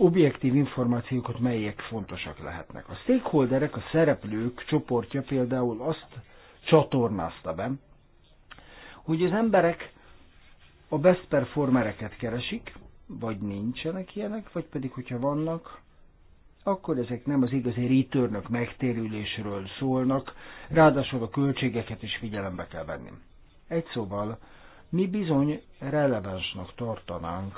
objektív információkat, melyek fontosak lehetnek. A stakeholderek, a szereplők csoportja például azt csatornázta be, hogy az emberek a best performereket keresik, vagy nincsenek ilyenek, vagy pedig, hogyha vannak, akkor ezek nem az igazi returnök megtérülésről szólnak, ráadásul a költségeket is figyelembe kell venni. Egy szóval, mi bizony relevánsnak tartanánk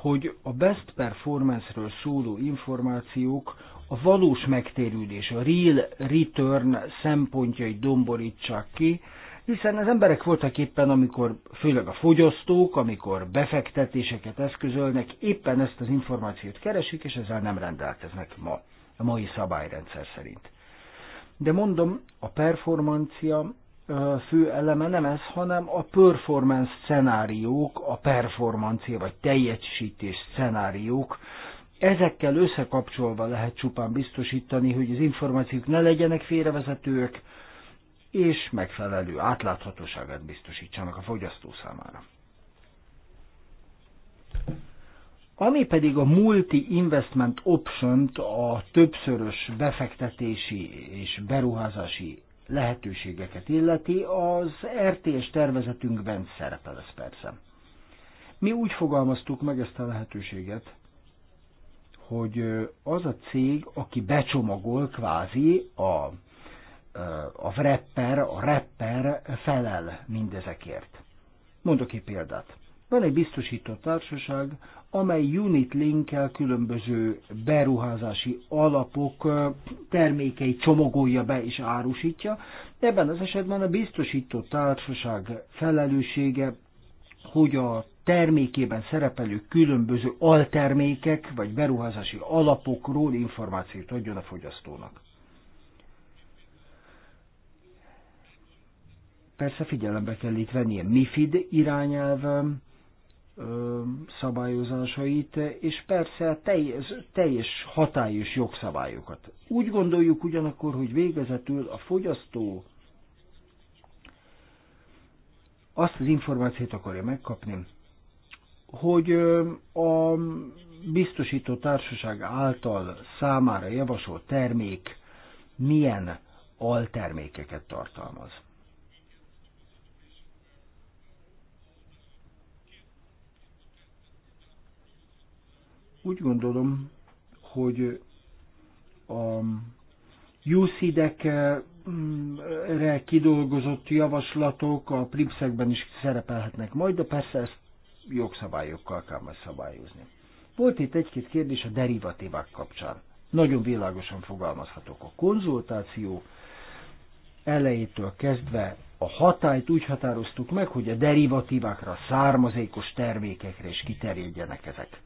hogy a best performance-ről szóló információk a valós megtérülés, a real return szempontjait domborítsák ki, hiszen az emberek voltak éppen, amikor, főleg a fogyasztók, amikor befektetéseket eszközölnek, éppen ezt az információt keresik, és ezzel nem rendelkeznek ma, a mai szabályrendszer szerint. De mondom, a performancia fő eleme nem ez, hanem a performance szenáriók, a performancia vagy teljesítés szenáriók. Ezekkel összekapcsolva lehet csupán biztosítani, hogy az információk ne legyenek félrevezetők és megfelelő átláthatóságát biztosítsanak a fogyasztó számára. Ami pedig a multi-investment option a többszörös befektetési és beruházási lehetőségeket illeti, az RTS tervezetünkben szerepel ez persze. Mi úgy fogalmaztuk meg ezt a lehetőséget, hogy az a cég, aki becsomagol kvázi a, a rapper, a rapper felel mindezekért. Mondok egy példát. Van egy biztosító társaság, amely unit linkkel különböző beruházási alapok termékei csomagolja be és árusítja. Ebben az esetben a biztosító társaság felelőssége, hogy a termékében szerepelő különböző altermékek vagy beruházási alapokról információt adjon a fogyasztónak. Persze figyelembe kell itt venni a MIFID irányelvem, szabályozásait, és persze teljes, teljes hatályos jogszabályokat. Úgy gondoljuk ugyanakkor, hogy végezetül a fogyasztó azt az információt akarja megkapni, hogy a biztosító társaság által számára javasolt termék milyen altermékeket tartalmaz. Úgy gondolom, hogy a UCD-ekre kidolgozott javaslatok a pripszekben is szerepelhetnek majd, de persze ezt jogszabályokkal kell majd szabályozni. Volt itt egy-két kérdés a derivatívák kapcsán. Nagyon világosan fogalmazhatok. A konzultáció elejétől kezdve a hatályt úgy határoztuk meg, hogy a derivatívákra, származékos termékekre is kiterjedjenek ezek.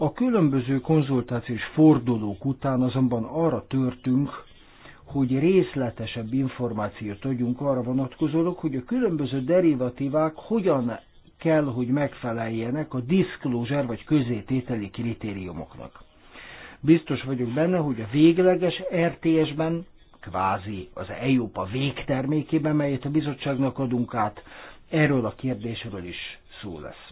A különböző konzultációs fordulók után azonban arra törtünk, hogy részletesebb információt adjunk arra vonatkozólag, hogy a különböző derivatívák hogyan kell, hogy megfeleljenek a disclosure vagy közétételi kritériumoknak. Biztos vagyok benne, hogy a végleges RTS-ben, kvázi az EUPA végtermékében, melyet a bizottságnak adunk át, erről a kérdésről is szó lesz.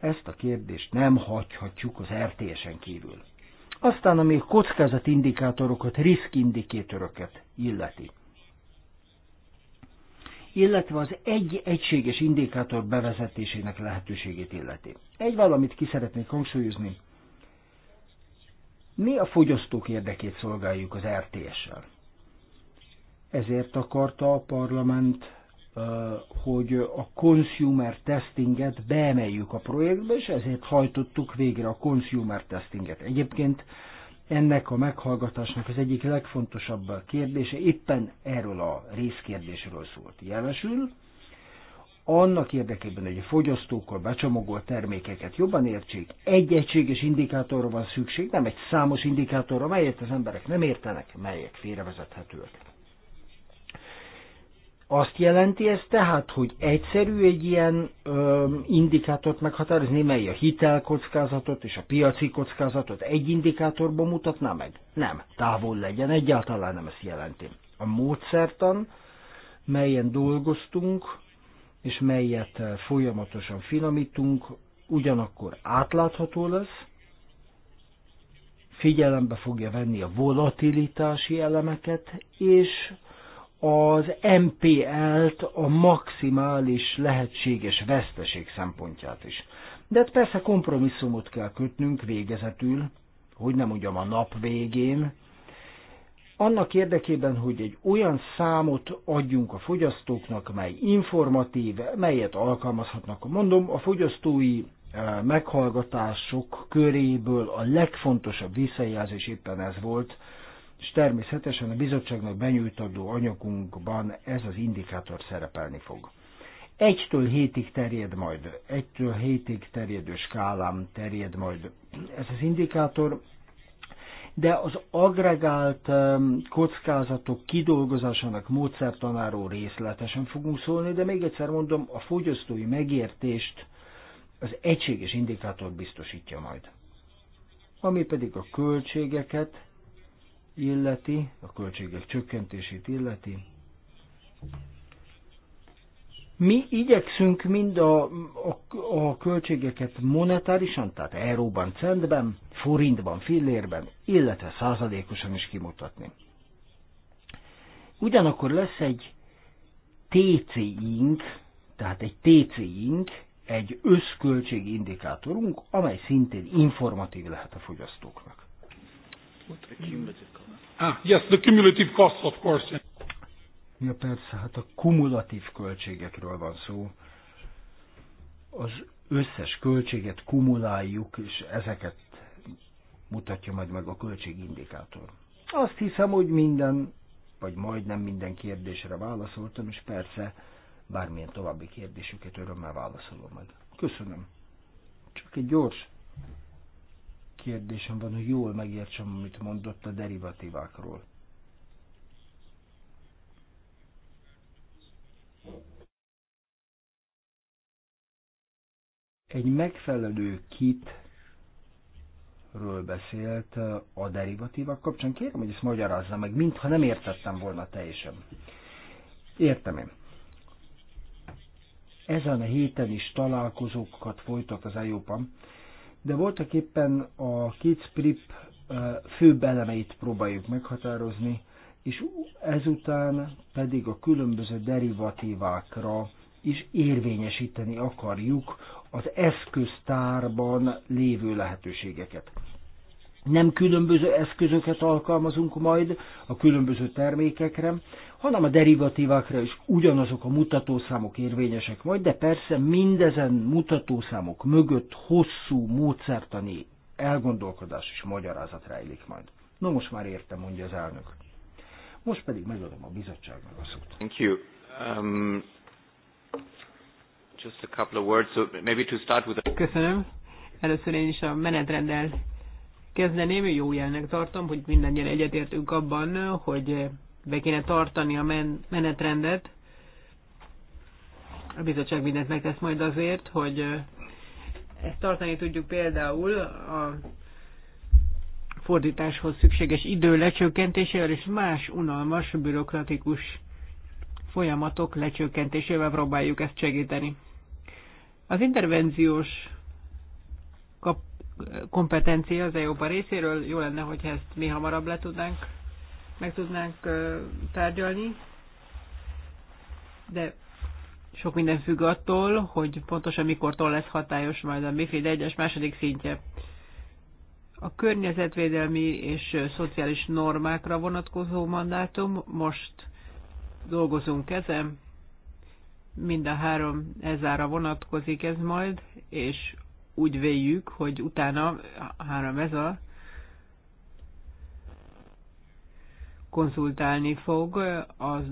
Ezt a kérdést nem hagyhatjuk az RTS-en kívül. Aztán, ami a kockázatindikátorokat, riskindikátorokat illeti illetve az egy egységes indikátor bevezetésének lehetőségét illeti. Egy valamit ki szeretnék hangsúlyozni. Mi a fogyasztók érdekét szolgáljuk az RTS-sel. Ezért akarta a parlament hogy a consumer testinget beemeljük a projektbe, és ezért hajtottuk végre a consumer testinget. Egyébként ennek a meghallgatásnak az egyik legfontosabb kérdése éppen erről a részkérdésről szólt. Jelesül, annak érdekében, hogy a fogyasztókkal becsomagolt termékeket jobban értsék, egy egységes indikátorra van szükség, nem egy számos indikátorra, melyet az emberek nem értenek, melyek félrevezethetőek. Azt jelenti ez tehát, hogy egyszerű egy ilyen ö, indikátort meghatározni, mely a hitelkockázatot és a piaci kockázatot egy indikátorban mutatná meg? Nem, távol legyen, egyáltalán nem ezt jelenti. A módszertan, melyen dolgoztunk, és melyet folyamatosan finomítunk, ugyanakkor átlátható lesz, figyelembe fogja venni a volatilitási elemeket, és az MPL-t a maximális lehetséges veszteség szempontját is. De hát persze kompromisszumot kell kötnünk végezetül, hogy nem mondjam a nap végén, annak érdekében, hogy egy olyan számot adjunk a fogyasztóknak, mely informatív, melyet alkalmazhatnak. Mondom, a fogyasztói e, meghallgatások köréből a legfontosabb visszajelzés éppen ez volt, és természetesen a bizottságnak benyújtandó anyagunkban ez az indikátor szerepelni fog. Egytől hétig terjed majd, egytől hétig terjedő skálám terjed majd ez az indikátor, de az agregált kockázatok kidolgozásának módszertanáról részletesen fogunk szólni, de még egyszer mondom, a fogyasztói megértést az egységes indikátor biztosítja majd. Ami pedig a költségeket illeti, a költségek csökkentését illeti. Mi igyekszünk mind a, a, a költségeket monetárisan, tehát euróban, centben, forintban, fillérben, illetve százalékosan is kimutatni. Ugyanakkor lesz egy TC-ink, tehát egy TC-ink, egy indikátorunk, amely szintén informatív lehet a fogyasztóknak. Ah, yes, the cumulative cost, of course. Ja persze, hát a kumulatív költségekről van szó. Az összes költséget kumuláljuk, és ezeket mutatja majd meg a költségindikátor. Azt hiszem, hogy minden, vagy majdnem minden kérdésre válaszoltam, és persze bármilyen további kérdésüket örömmel válaszolom meg. Köszönöm. Csak egy gyors kérdésem van, hogy jól megértsem, amit mondott a derivatívákról. Egy megfelelő kitről beszélt a derivatívak kapcsán. Kérem, hogy ezt magyarázza meg, mintha nem értettem volna teljesen. Értem én. Ezen a héten is találkozókat folytat az IOPAM, de voltak éppen a két prip főbb elemeit próbáljuk meghatározni, és ezután pedig a különböző derivatívákra is érvényesíteni akarjuk az eszköztárban lévő lehetőségeket. Nem különböző eszközöket alkalmazunk majd a különböző termékekre, hanem a derivatívákra is ugyanazok a mutatószámok érvényesek majd, de persze mindezen mutatószámok mögött hosszú módszertani elgondolkodás és magyarázat rejlik majd. No, most már értem, mondja az elnök. Most pedig megadom a bizottságnak a szót. Thank you. Um, just a couple of words, so maybe to start with... A... Köszönöm. Először én is a menetrenddel kezdeném. Jó jelnek tartom, hogy mindannyian egyetértünk abban, hogy be kéne tartani a men menetrendet. A bizottság mindent megtesz majd azért, hogy ezt tartani tudjuk például a fordításhoz szükséges idő lecsökkentésével és más unalmas, bürokratikus folyamatok lecsökkentésével próbáljuk ezt segíteni. Az intervenciós kompetencia az EOPA részéről jó lenne, hogyha ezt mi hamarabb le tudnánk meg tudnánk tárgyalni, de sok minden függ attól, hogy pontosan mikortól lesz hatályos majd a MIFID 1-es második szintje. A környezetvédelmi és szociális normákra vonatkozó mandátum, most dolgozunk ezen, mind a három ezára vonatkozik ez majd, és úgy véljük, hogy utána három ez a konzultálni fog az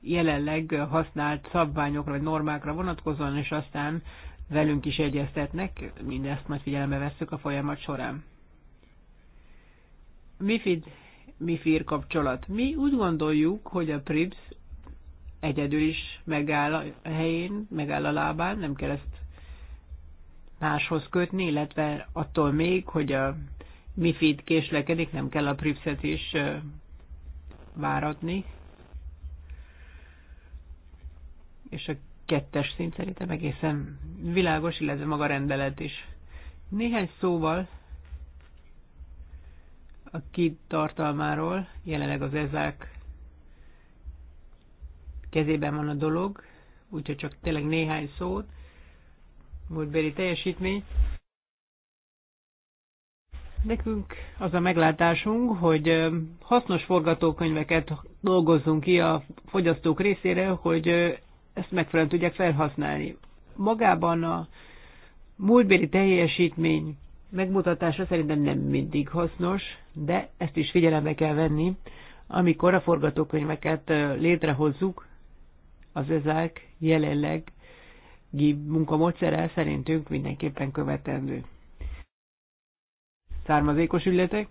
jelenleg használt szabványokra vagy normákra vonatkozóan, és aztán velünk is egyeztetnek, mindezt majd figyelembe vesszük a folyamat során. MIFID, MIFIR kapcsolat. Mi úgy gondoljuk, hogy a PRIPS egyedül is megáll a helyén, megáll a lábán, nem kell ezt máshoz kötni, illetve attól még, hogy a MIFID késlekedik, nem kell a Pripset is váratni. És a kettes szint szerintem egészen világos, illetve maga rendelet is. Néhány szóval a KID tartalmáról, jelenleg az ezák kezében van a dolog, úgyhogy csak tényleg néhány szót, múltbéli teljesítmény. Nekünk az a meglátásunk, hogy hasznos forgatókönyveket dolgozzunk ki a fogyasztók részére, hogy ezt megfelelően tudják felhasználni. Magában a múltbéli teljesítmény megmutatása szerintem nem mindig hasznos, de ezt is figyelembe kell venni, amikor a forgatókönyveket létrehozzuk, az ezek jelenleg munkamódszerrel szerintünk mindenképpen követendő származékos ügyletek.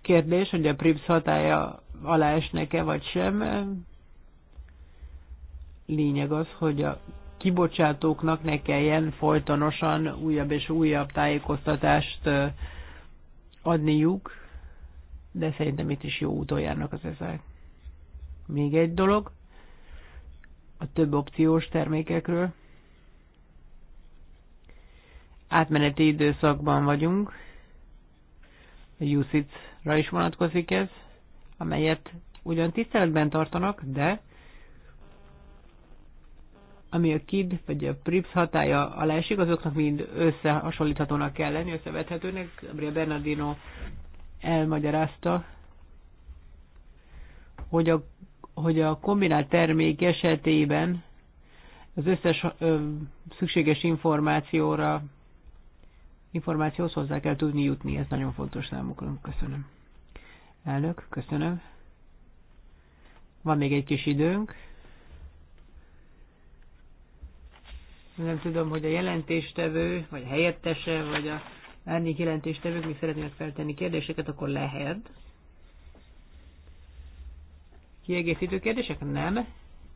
Kérdés, hogy a PRIPS hatája alá esnek-e vagy sem. Lényeg az, hogy a kibocsátóknak ne kelljen folytonosan újabb és újabb tájékoztatást adniuk, de szerintem itt is jó úton járnak az ezek. Még egy dolog, a több opciós termékekről átmeneti időszakban vagyunk, a UCIT-ra is vonatkozik ez, amelyet ugyan tiszteletben tartanak, de ami a KID vagy a PRIPS hatája alá esik, azoknak mind összehasonlíthatónak kell lenni, összevethetőnek. Gabriel Bernardino elmagyarázta, hogy a, hogy a kombinált termék esetében az összes ö, szükséges információra információhoz hozzá kell tudni jutni, ez nagyon fontos számukra. Köszönöm. Elnök, köszönöm. Van még egy kis időnk. Nem tudom, hogy a jelentéstevő, vagy a helyettese, vagy a árnyék jelentéstevők még szeretnének feltenni kérdéseket, akkor lehet. Kiegészítő kérdések? Nem.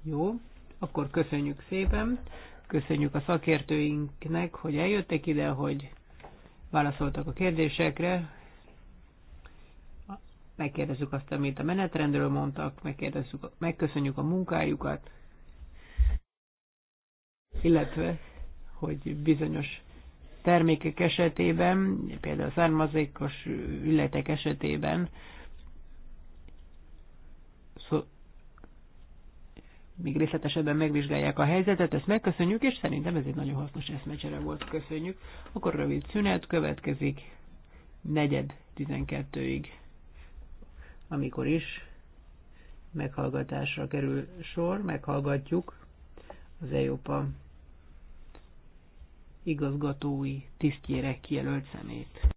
Jó. Akkor köszönjük szépen. Köszönjük a szakértőinknek, hogy eljöttek ide, hogy válaszoltak a kérdésekre. Megkérdezzük azt, amit a menetrendről mondtak, megkérdezzük, megköszönjük a munkájukat, illetve, hogy bizonyos termékek esetében, például származékos ületek esetében még részletesebben megvizsgálják a helyzetet, ezt megköszönjük, és szerintem ez egy nagyon hasznos eszmecsere volt, köszönjük. Akkor rövid szünet következik negyed 12-ig, amikor is meghallgatásra kerül sor, meghallgatjuk az EIOPA igazgatói tisztjére kijelölt szemét.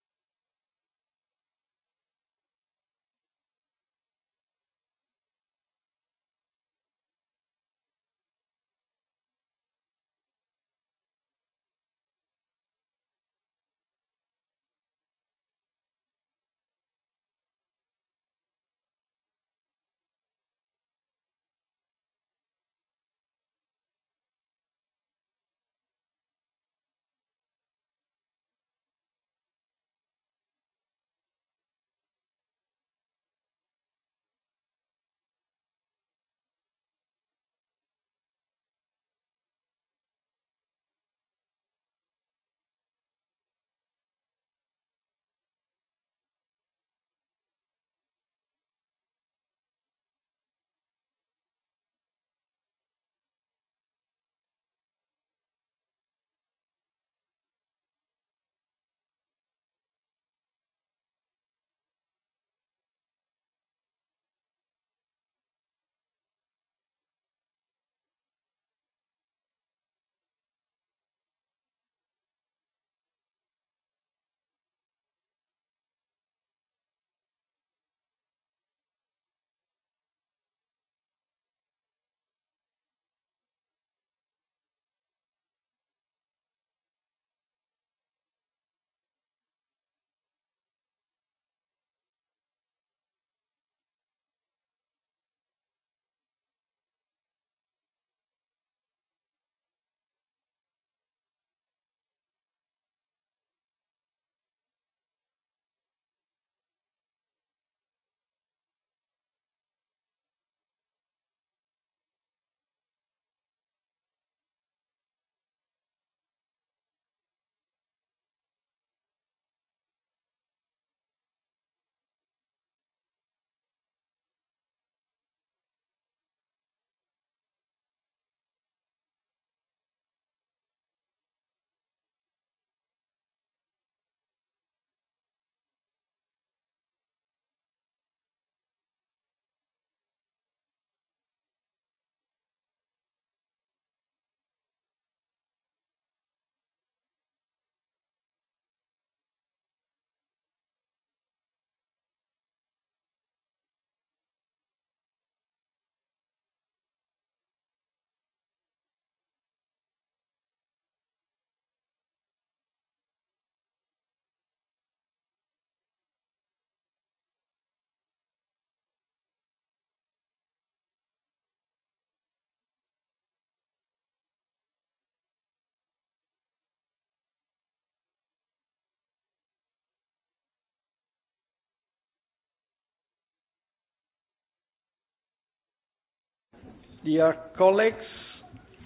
Dear colleagues,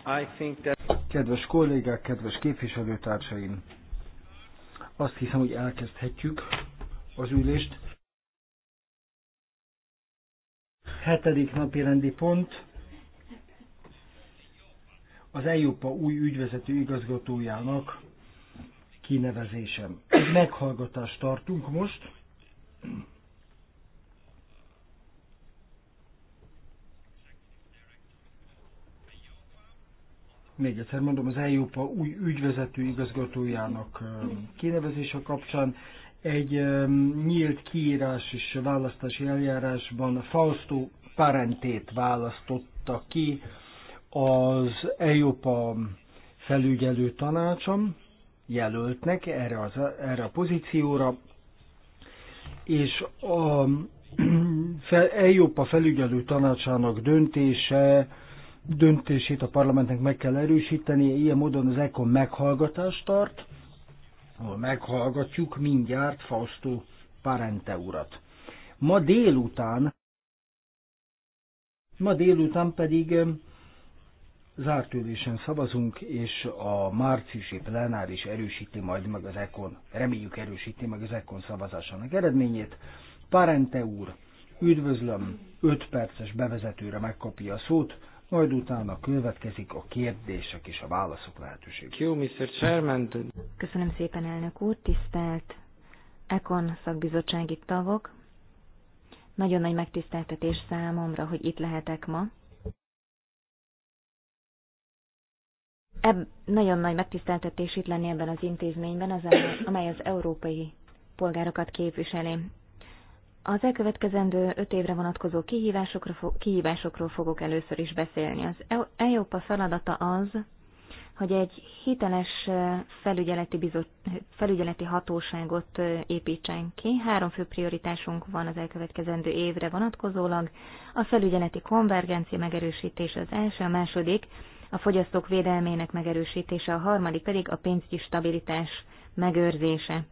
I think that... Kedves kollégák, kedves képviselőtársaim! Azt hiszem, hogy elkezdhetjük az ülést. Hetedik napi rendi pont. Az EUPA új ügyvezető igazgatójának kinevezésem. meghallgatást tartunk most. még egyszer mondom, az EUPA új ügyvezető igazgatójának um, kinevezése kapcsán egy um, nyílt kiírás és választási eljárásban Fausto Parentét választotta ki az EUPA felügyelő tanácsom jelöltnek erre, az, erre a pozícióra, és a um, EUPA [clears throat] e felügyelő tanácsának döntése döntését a parlamentnek meg kell erősítenie, ilyen módon az ekon meghallgatást tart, ahol meghallgatjuk mindjárt Fausto Parente urat. Ma délután, ma délután pedig zárt ülésen szavazunk, és a márciusi plenáris erősíti majd meg az ECON, reméljük erősíti meg az ECON szavazásának eredményét. Parente úr, üdvözlöm, 5 perces bevezetőre megkapja a szót, majd utána következik a kérdések és a válaszok lehetőség. Jó, Mr. Chairman. Köszönöm szépen, elnök úr, tisztelt Ekon szakbizottsági tagok. Nagyon nagy megtiszteltetés számomra, hogy itt lehetek ma. Ebb, nagyon nagy megtiszteltetés itt lenni ebben az intézményben, az, amely az európai polgárokat képviseli. Az elkövetkezendő öt évre vonatkozó kihívásokról fogok először is beszélni. Az EOPA feladata az, hogy egy hiteles felügyeleti, bizot, felügyeleti hatóságot építsen ki. Három fő prioritásunk van az elkövetkezendő évre vonatkozólag. A felügyeleti konvergencia megerősítése az első, a második a fogyasztók védelmének megerősítése, a harmadik pedig a pénzügyi stabilitás megőrzése.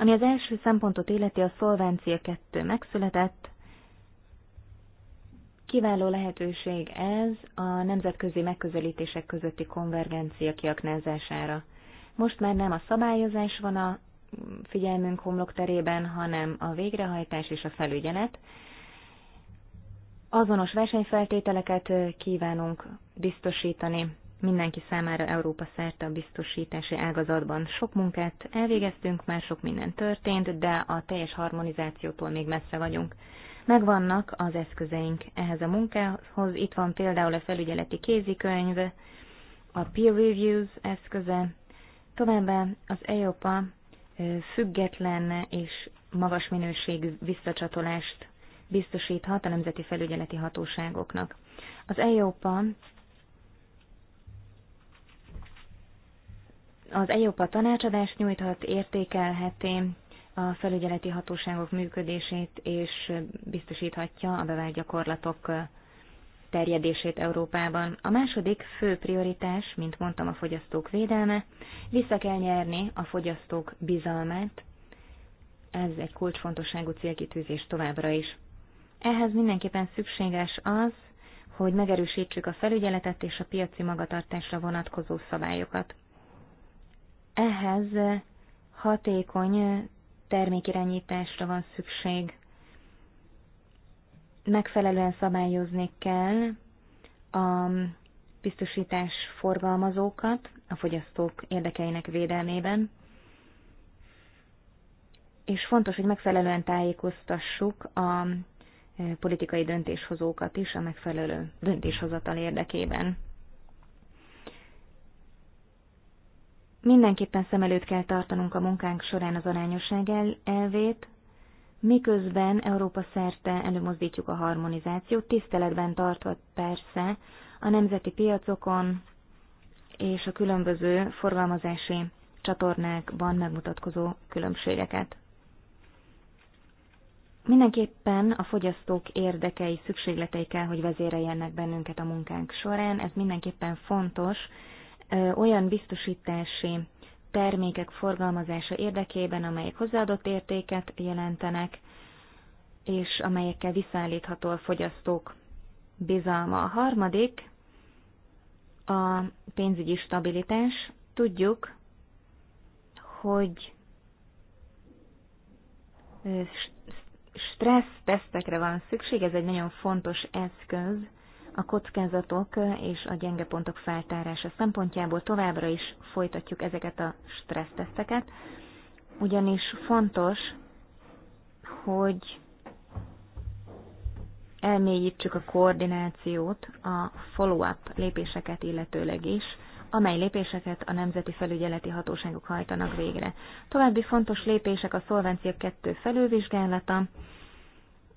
Ami az első szempontot életi a Szolvencia 2 megszületett. Kiváló lehetőség ez a nemzetközi megközelítések közötti konvergencia kiaknázására. Most már nem a szabályozás van a figyelmünk homlokterében, hanem a végrehajtás és a felügyelet. Azonos versenyfeltételeket kívánunk biztosítani mindenki számára Európa szerte a biztosítási ágazatban. Sok munkát elvégeztünk, már sok minden történt, de a teljes harmonizációtól még messze vagyunk. Megvannak az eszközeink ehhez a munkához, itt van például a felügyeleti kézikönyv, a peer reviews eszköze, továbbá az EOPA független és magas minőségű visszacsatolást biztosíthat a nemzeti felügyeleti hatóságoknak. Az EIOPA Az EIOPA tanácsadást nyújthat, értékelheti a felügyeleti hatóságok működését, és biztosíthatja a bevált gyakorlatok terjedését Európában. A második fő prioritás, mint mondtam, a fogyasztók védelme. Vissza kell nyerni a fogyasztók bizalmát. Ez egy kulcsfontosságú célkitűzés továbbra is. Ehhez mindenképpen szükséges az, hogy megerősítsük a felügyeletet és a piaci magatartásra vonatkozó szabályokat. Ehhez hatékony termékirányításra van szükség. Megfelelően szabályozni kell a biztosítás forgalmazókat a fogyasztók érdekeinek védelmében, és fontos, hogy megfelelően tájékoztassuk a politikai döntéshozókat is a megfelelő döntéshozatal érdekében. Mindenképpen szem előtt kell tartanunk a munkánk során az arányosság el- elvét, miközben Európa szerte előmozdítjuk a harmonizációt, tiszteletben tartva persze a nemzeti piacokon és a különböző forgalmazási csatornákban megmutatkozó különbségeket. Mindenképpen a fogyasztók érdekei, szükségletei kell, hogy vezéreljenek bennünket a munkánk során, ez mindenképpen fontos, olyan biztosítási termékek forgalmazása érdekében, amelyek hozzáadott értéket jelentenek, és amelyekkel visszaállítható a fogyasztók bizalma. A harmadik a pénzügyi stabilitás. Tudjuk, hogy stressz tesztekre van szükség, ez egy nagyon fontos eszköz a kockázatok és a gyenge pontok feltárása szempontjából továbbra is folytatjuk ezeket a stresszteszteket, ugyanis fontos, hogy elmélyítsük a koordinációt, a follow-up lépéseket illetőleg is, amely lépéseket a nemzeti felügyeleti hatóságok hajtanak végre. További fontos lépések a Szolvencia 2 felülvizsgálata,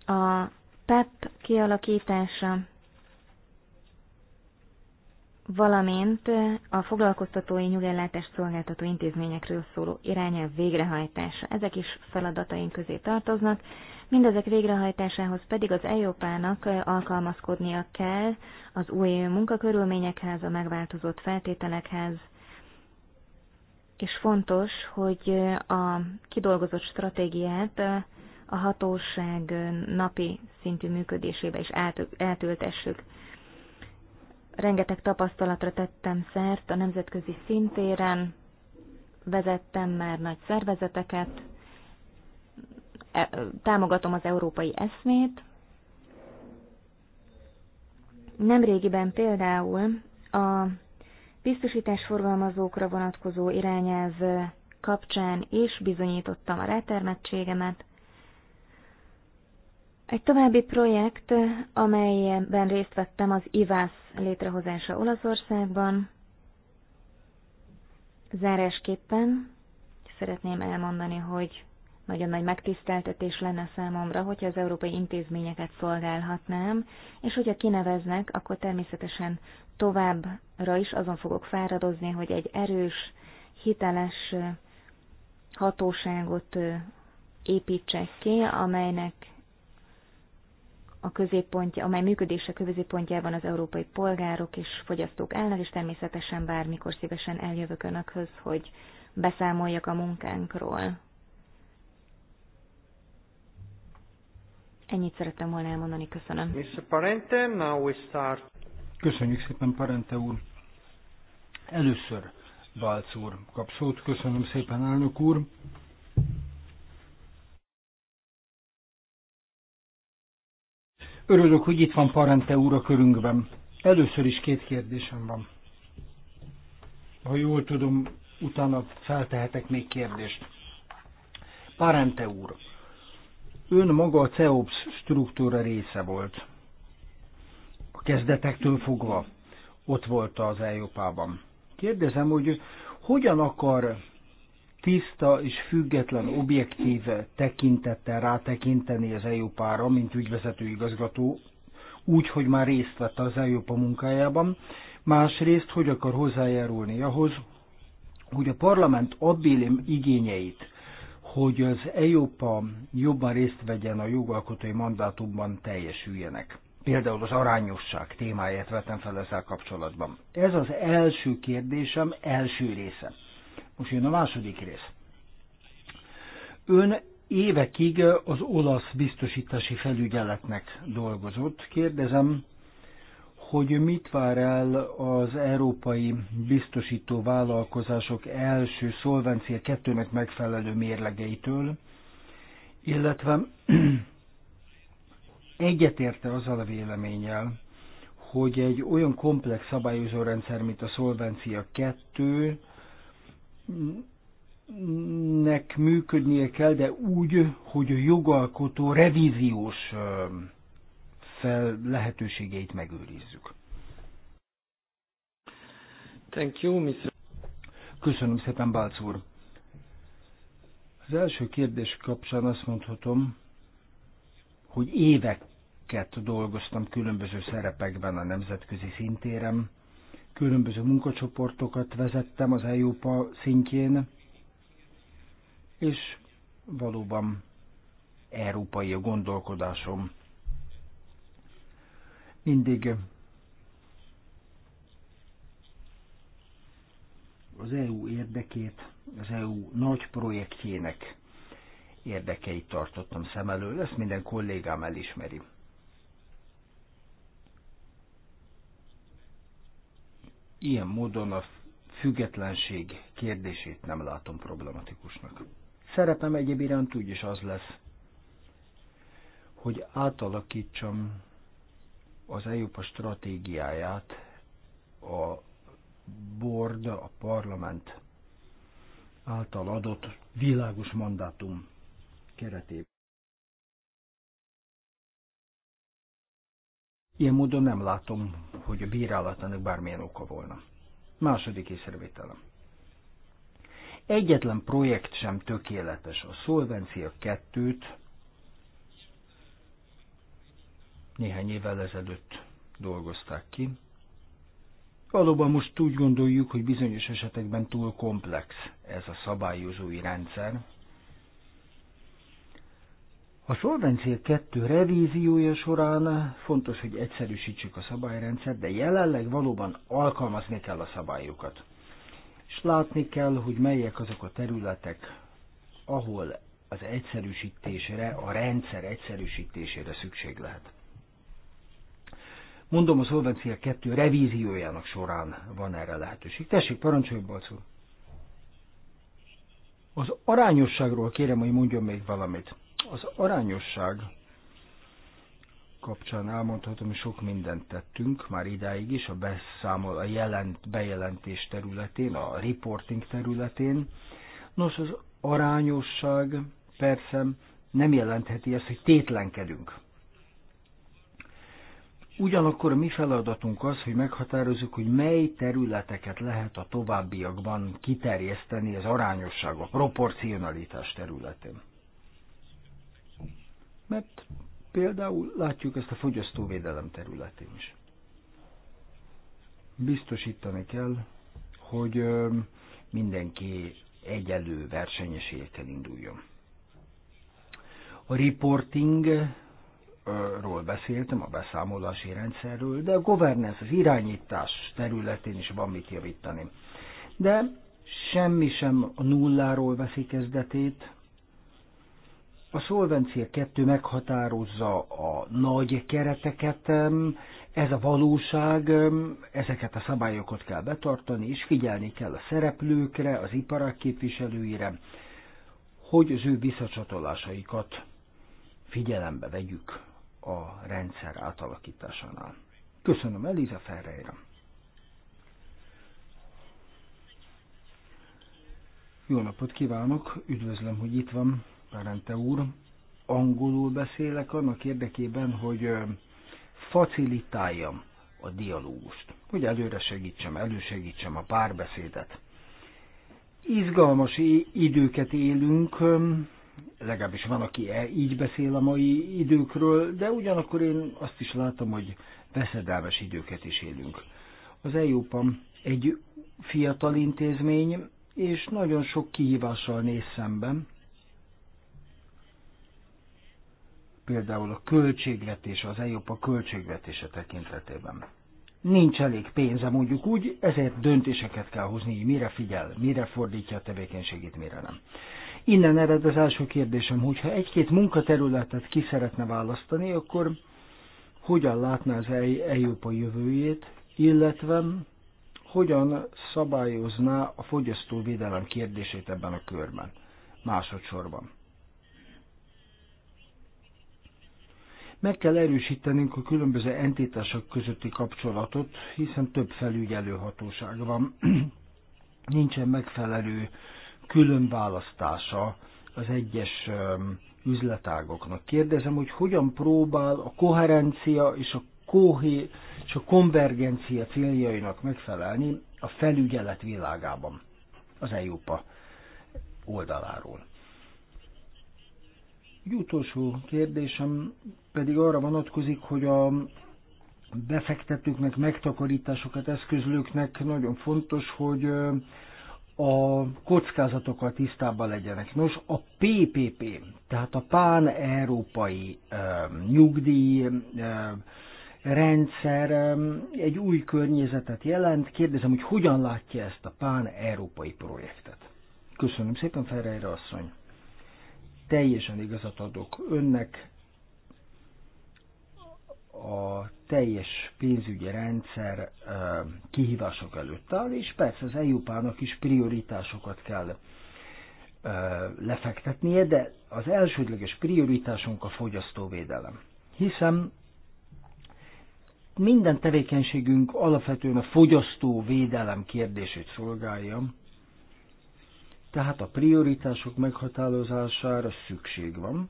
a PEP kialakítása, valamint a foglalkoztatói nyugellátást szolgáltató intézményekről szóló irányelv végrehajtása. Ezek is feladataink közé tartoznak, mindezek végrehajtásához pedig az EIOPA-nak alkalmazkodnia kell az új munkakörülményekhez, a megváltozott feltételekhez, és fontos, hogy a kidolgozott stratégiát a hatóság napi szintű működésébe is átültessük rengeteg tapasztalatra tettem szert a nemzetközi szintéren, vezettem már nagy szervezeteket, e, támogatom az európai eszmét. Nemrégiben például a forgalmazókra vonatkozó irányelv kapcsán is bizonyítottam a rátermettségemet, egy további projekt, amelyben részt vettem, az IVASZ létrehozása Olaszországban. Zárásképpen szeretném elmondani, hogy nagyon nagy megtiszteltetés lenne számomra, hogyha az európai intézményeket szolgálhatnám, és hogyha kineveznek, akkor természetesen továbbra is azon fogok fáradozni, hogy egy erős, hiteles hatóságot építsek ki, amelynek a középpontja, amely működése középpontjában az európai polgárok és fogyasztók állnak, és természetesen bármikor szívesen eljövök Önökhöz, hogy beszámoljak a munkánkról. Ennyit szerettem volna elmondani, köszönöm. Mr. Parente, now we start. Köszönjük szépen, Parente úr. Először Balc úr kap szót. Köszönöm szépen, elnök úr. Örülök, hogy itt van Parente úr a körünkben. Először is két kérdésem van. Ha jól tudom, utána feltehetek még kérdést. Parente úr, ön maga a CEOPS struktúra része volt. A kezdetektől fogva ott volt az Európában. Kérdezem, hogy hogyan akar tiszta és független objektív tekintettel rátekinteni az EUPA-ra, mint ügyvezető igazgató, úgy, hogy már részt vett az EUPA munkájában, másrészt, hogy akar hozzájárulni ahhoz, hogy a parlament abbélim igényeit, hogy az EUPA jobban részt vegyen a jogalkotói mandátumban teljesüljenek. Például az arányosság témáját vetem fel ezzel kapcsolatban. Ez az első kérdésem első része. Most jön a második rész. Ön évekig az olasz biztosítási felügyeletnek dolgozott. Kérdezem, hogy mit vár el az európai biztosító vállalkozások első szolvencia kettőnek megfelelő mérlegeitől, illetve [clears throat] egyetérte azzal a véleménnyel, hogy egy olyan komplex szabályozó rendszer, mint a szolvencia kettő? nek működnie kell, de úgy, hogy a jogalkotó revíziós fel lehetőségeit megőrizzük. Thank you, Mr. Köszönöm szépen, Bálc úr. Az első kérdés kapcsán azt mondhatom, hogy éveket dolgoztam különböző szerepekben a nemzetközi szintérem, különböző munkacsoportokat vezettem az EUPA szintjén, és valóban európai a gondolkodásom. Mindig az EU érdekét, az EU nagy projektjének érdekeit tartottam szem elől, ezt minden kollégám elismeri. ilyen módon a függetlenség kérdését nem látom problematikusnak. Szerepem egyéb iránt is az lesz, hogy átalakítsam az EUPA stratégiáját a board, a parlament által adott világos mandátum keretében. Ilyen módon nem látom, hogy a bírálatának bármilyen oka volna. Második észrevételem. Egyetlen projekt sem tökéletes. A Szolvencia 2-t néhány évvel ezelőtt dolgozták ki. Valóban most úgy gondoljuk, hogy bizonyos esetekben túl komplex ez a szabályozói rendszer, a Solvencia 2 revíziója során fontos, hogy egyszerűsítsük a szabályrendszert, de jelenleg valóban alkalmazni kell a szabályokat. És látni kell, hogy melyek azok a területek, ahol az egyszerűsítésre, a rendszer egyszerűsítésére szükség lehet. Mondom, a Szolvencia 2 revíziójának során van erre lehetőség. Tessék, parancsolj, Balcú! Az arányosságról kérem, hogy mondjon még valamit. Az arányosság kapcsán elmondhatom, hogy sok mindent tettünk már idáig is a beszámol, a jelent, bejelentés területén, a reporting területén. Nos, az arányosság persze nem jelentheti ezt, hogy tétlenkedünk. Ugyanakkor a mi feladatunk az, hogy meghatározzuk, hogy mely területeket lehet a továbbiakban kiterjeszteni az arányosság, a proporcionalitás területén mert például látjuk ezt a fogyasztóvédelem területén is. Biztosítani kell, hogy mindenki egyelő versenyesélyekkel induljon. A reporting ról beszéltem, a beszámolási rendszerről, de a governance, az irányítás területén is van mit javítani. De semmi sem a nulláról veszi kezdetét, a szolvencia 2 meghatározza a nagy kereteket, ez a valóság, ezeket a szabályokat kell betartani, és figyelni kell a szereplőkre, az iparak képviselőire, hogy az ő visszacsatolásaikat figyelembe vegyük a rendszer átalakításánál. Köszönöm Eliza Ferreira. Jó napot kívánok, üdvözlöm, hogy itt van. Ferente úr, angolul beszélek annak érdekében, hogy facilitáljam a dialógust, hogy előre segítsem, elősegítsem a párbeszédet. Izgalmas időket élünk, legalábbis van, aki e- így beszél a mai időkről, de ugyanakkor én azt is látom, hogy veszedelmes időket is élünk. Az EUPAM egy fiatal intézmény, és nagyon sok kihívással néz szemben, például a költségvetése, az a költségvetése tekintetében. Nincs elég pénze, mondjuk úgy, ezért döntéseket kell hozni, hogy mire figyel, mire fordítja a tevékenységét, mire nem. Innen ered az első kérdésem, hogyha egy-két munkaterületet ki szeretne választani, akkor hogyan látná az Európa jövőjét, illetve hogyan szabályozná a fogyasztóvédelem kérdését ebben a körben, másodszorban. Meg kell erősítenünk a különböző entitások közötti kapcsolatot, hiszen több felügyelő hatóság van. [clears throat] Nincsen megfelelő különválasztása az egyes üzletágoknak. Kérdezem, hogy hogyan próbál a koherencia és a, kohé, és a konvergencia céljainak megfelelni a felügyelet világában az EUPA oldaláról. Egy utolsó kérdésem pedig arra vonatkozik, hogy a befektetőknek, megtakarításokat eszközlőknek nagyon fontos, hogy a kockázatokkal tisztában legyenek. Nos, a PPP, tehát a pán-európai nyugdíj rendszer egy új környezetet jelent. Kérdezem, hogy hogyan látja ezt a pán-európai projektet? Köszönöm szépen, Ferreira asszony! teljesen igazat adok önnek, a teljes pénzügyi rendszer kihívások előtt áll, és persze az EUPA-nak is prioritásokat kell lefektetnie, de az elsődleges prioritásunk a fogyasztóvédelem. Hiszen minden tevékenységünk alapvetően a fogyasztóvédelem kérdését szolgálja, tehát a prioritások meghatározására szükség van,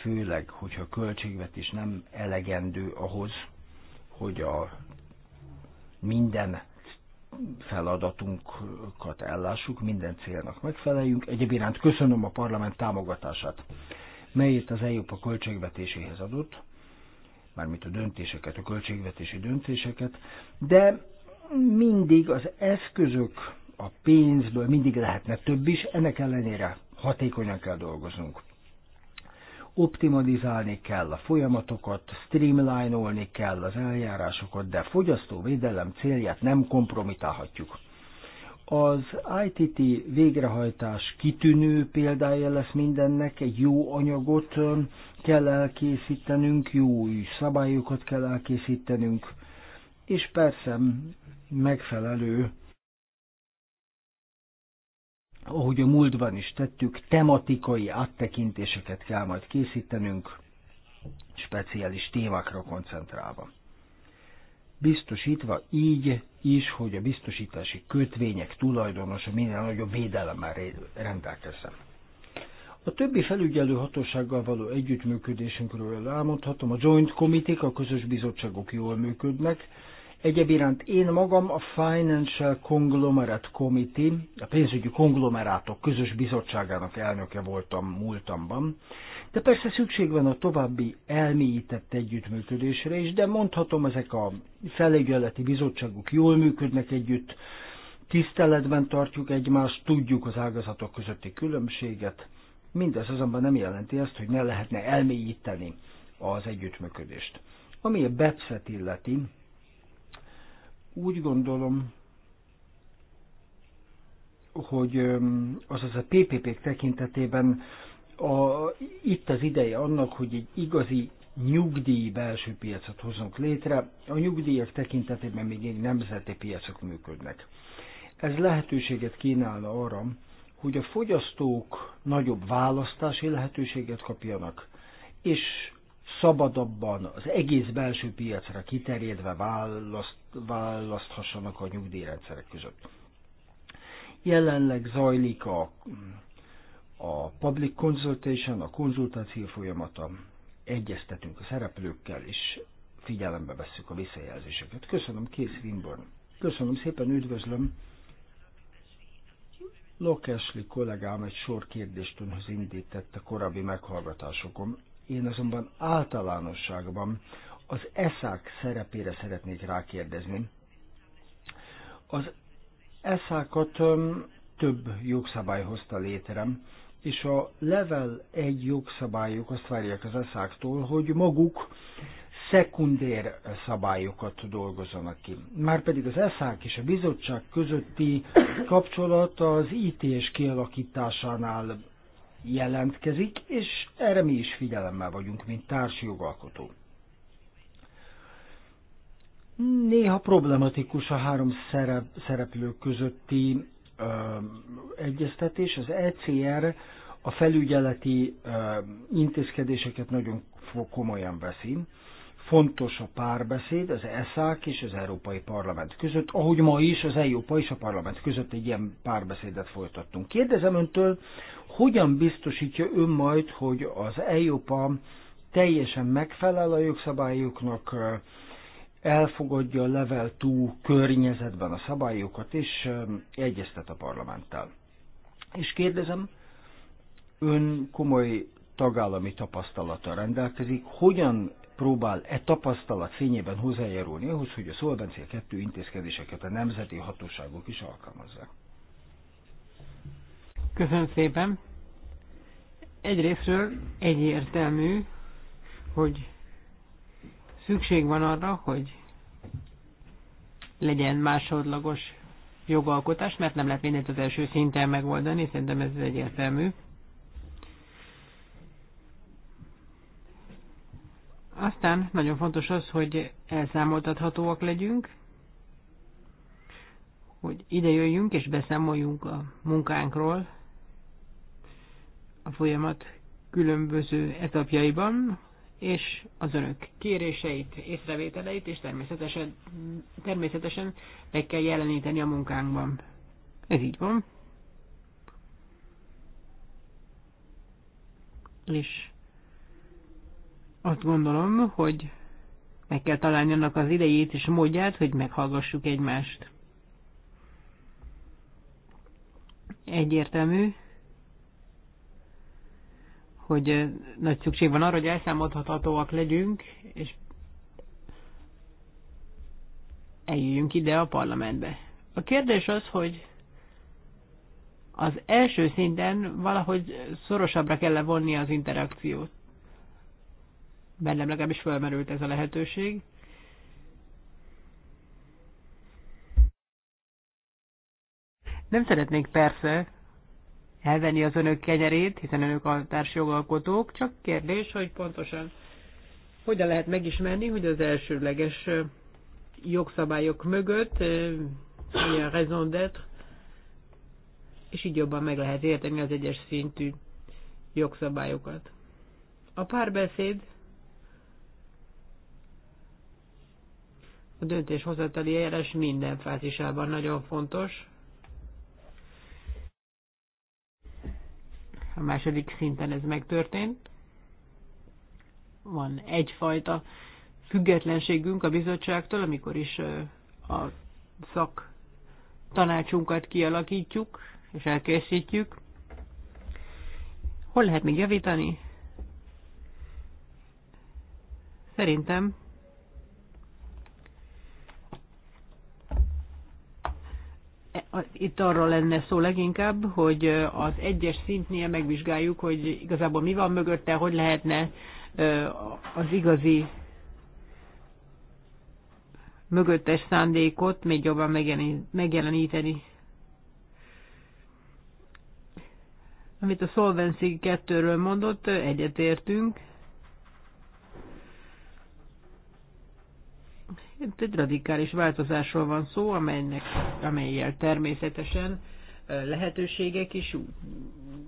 főleg, hogyha a költségvetés nem elegendő ahhoz, hogy a minden feladatunkat ellássuk, minden célnak megfeleljünk. Egyéb iránt köszönöm a parlament támogatását, melyet az EU a költségvetéséhez adott, mármint a döntéseket, a költségvetési döntéseket, de mindig az eszközök a pénzből mindig lehetne több is, ennek ellenére hatékonyan kell dolgoznunk. Optimalizálni kell a folyamatokat, streamline-olni kell az eljárásokat, de fogyasztóvédelem célját nem kompromitálhatjuk. Az ITT végrehajtás kitűnő példája lesz mindennek, egy jó anyagot kell elkészítenünk, jó szabályokat kell elkészítenünk, és persze megfelelő ahogy a múltban is tettük, tematikai áttekintéseket kell majd készítenünk, speciális témákra koncentrálva. Biztosítva így is, hogy a biztosítási kötvények tulajdonosa minden nagyobb védelemmel rendelkezzen. A többi felügyelő hatósággal való együttműködésünkről elmondhatom, a Joint Committee, a közös bizottságok jól működnek, Egyéb iránt én magam a Financial Conglomerate Committee, a pénzügyi konglomerátok közös bizottságának elnöke voltam múltamban, de persze szükség van a további elmélyített együttműködésre is, de mondhatom, ezek a felügyeleti bizottságok jól működnek együtt, tiszteletben tartjuk egymást, tudjuk az ágazatok közötti különbséget, mindez azonban nem jelenti azt, hogy ne lehetne elmélyíteni az együttműködést. Ami a BEPS-et illeti, úgy gondolom, hogy azaz a PPP-k tekintetében a, itt az ideje annak, hogy egy igazi nyugdíj belső piacot hozunk létre. A nyugdíjak tekintetében még egy nemzeti piacok működnek. Ez lehetőséget kínálna arra, hogy a fogyasztók nagyobb választási lehetőséget kapjanak, és szabadabban az egész belső piacra kiterjedve választ, választhassanak a nyugdíjrendszerek között. Jelenleg zajlik a, a public consultation, a konzultáció folyamata, egyeztetünk a szereplőkkel, és figyelembe vesszük a visszajelzéseket. Köszönöm, Kész Wimborn. Köszönöm szépen, üdvözlöm. Lokesli kollégám egy sor kérdést önhöz indített a korábbi meghallgatásokon. Én azonban általánosságban az eszák szerepére szeretnék rákérdezni. Az eszákat több jogszabály hozta létre, és a level 1 jogszabályok azt várják az eszáktól, hogy maguk szekundér szabályokat dolgozzanak ki. Márpedig az ESZÁK és a bizottság közötti kapcsolat az ítés kialakításánál jelentkezik, és erre mi is figyelemmel vagyunk, mint társjogalkotó. Néha problematikus a három szerep, szereplő közötti ö, egyeztetés. Az ECR a felügyeleti ö, intézkedéseket nagyon komolyan veszi. Fontos a párbeszéd az ESZÁK és az Európai Parlament között, ahogy ma is az Európa és a Parlament között egy ilyen párbeszédet folytattunk. Kérdezem öntől, hogyan biztosítja ön majd, hogy az Európa teljesen megfelel a jogszabályoknak, elfogadja a Level 2 környezetben a szabályokat, és egyeztet a parlamenttel. És kérdezem, ön komoly tagállami tapasztalata rendelkezik, hogyan próbál e tapasztalat fényében hozzájárulni ahhoz, hogy a Szolvencia 2 intézkedéseket a nemzeti hatóságok is alkalmazzák? Köszönöm szépen! Egyrésztről egyértelmű, hogy szükség van arra, hogy legyen másodlagos jogalkotás, mert nem lehet mindent az első szinten megoldani, szerintem ez egyértelmű. Aztán nagyon fontos az, hogy elszámoltathatóak legyünk, hogy ide jöjjünk és beszámoljunk a munkánkról a folyamat különböző etapjaiban, és az önök kéréseit, észrevételeit, és természetesen, természetesen meg kell jeleníteni a munkánkban. Ez így van. És azt gondolom, hogy meg kell találni annak az idejét és módját, hogy meghallgassuk egymást. Egyértelmű, hogy nagy szükség van arra, hogy elszámolhatóak legyünk, és eljöjjünk ide a parlamentbe. A kérdés az, hogy az első szinten valahogy szorosabbra kell vonni az interakciót. Bennem legalábbis felmerült ez a lehetőség. Nem szeretnék persze elvenni az önök kenyerét, hiszen önök a társjogalkotók, csak kérdés, hogy pontosan hogyan lehet megismerni, hogy az elsőleges jogszabályok mögött milyen raison d'être, és így jobban meg lehet érteni az egyes szintű jogszabályokat. A párbeszéd a döntéshozatali eljárás minden fázisában nagyon fontos, a második szinten ez megtörtént. Van egyfajta függetlenségünk a bizottságtól, amikor is a szak tanácsunkat kialakítjuk és elkészítjük. Hol lehet még javítani? Szerintem itt arról lenne szó leginkább, hogy az egyes szintnél megvizsgáljuk, hogy igazából mi van mögötte, hogy lehetne az igazi mögöttes szándékot még jobban megjeleníteni. Amit a Solvency 2-ről mondott, egyetértünk. Itt egy radikális változásról van szó, amelynek, amelyel természetesen lehetőségek is,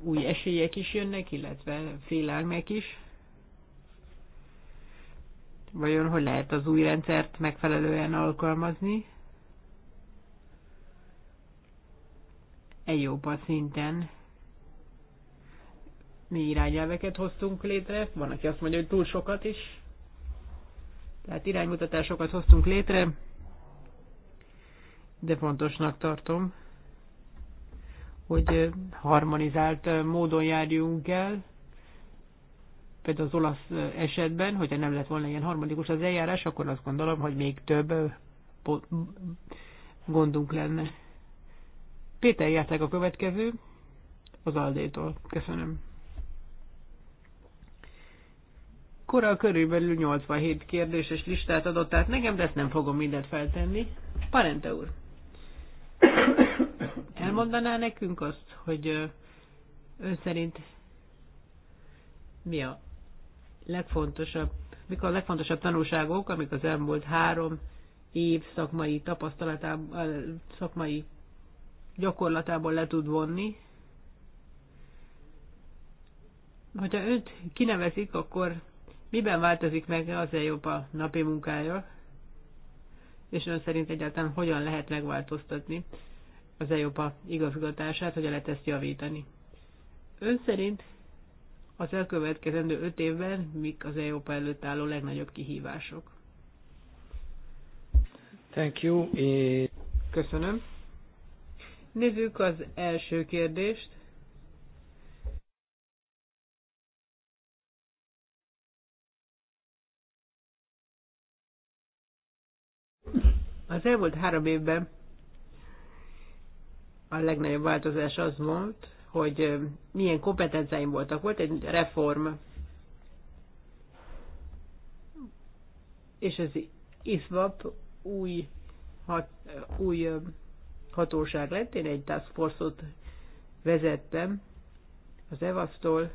új esélyek is jönnek, illetve félelmek is. Vajon hogy lehet az új rendszert megfelelően alkalmazni? Európa szinten mi irányelveket hoztunk létre, van, aki azt mondja, hogy túl sokat is tehát iránymutatásokat hoztunk létre, de fontosnak tartom, hogy harmonizált módon járjunk el, például az olasz esetben, hogyha nem lett volna ilyen harmonikus az eljárás, akkor azt gondolom, hogy még több gondunk lenne. Péter Játék a következő, az Aldétól. Köszönöm. kora körülbelül 87 kérdéses listát adott át nekem, de ezt nem fogom mindent feltenni. Parente úr, elmondaná nekünk azt, hogy ön szerint mi a legfontosabb, mik a legfontosabb tanulságok, amik az elmúlt három év szakmai tapasztalatából, szakmai gyakorlatából le tud vonni. Hogyha őt kinevezik, akkor Miben változik meg az jobb a napi munkája, és ön szerint egyáltalán hogyan lehet megváltoztatni az EOPA igazgatását, hogy lehet ezt javítani. Ön szerint az elkövetkezendő öt évben mik az EOPA előtt álló legnagyobb kihívások? Thank you. Köszönöm. Nézzük az első kérdést. Az elmúlt három évben a legnagyobb változás az volt, hogy milyen kompetenciáim voltak. Volt egy reform, és az ISVAP új, hat, új hatóság lett. Én egy task force-ot vezettem az EVASZ-tól,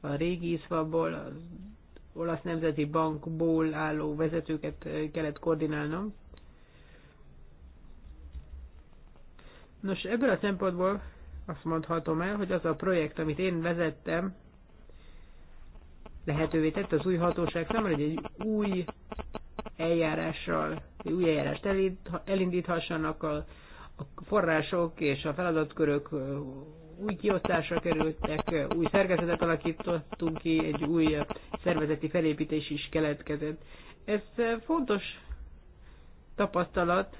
a régi ISVAP-ból, az Olasz Nemzeti Bankból álló vezetőket kellett koordinálnom. Nos, ebből a szempontból azt mondhatom el, hogy az a projekt, amit én vezettem, lehetővé tett az új hatóság számára, hogy egy új eljárással, egy új eljárást elindíthassanak a, a források és a feladatkörök új kiosztásra kerültek, új szerkezetet alakítottunk ki, egy új szervezeti felépítés is keletkezett. Ez fontos tapasztalat,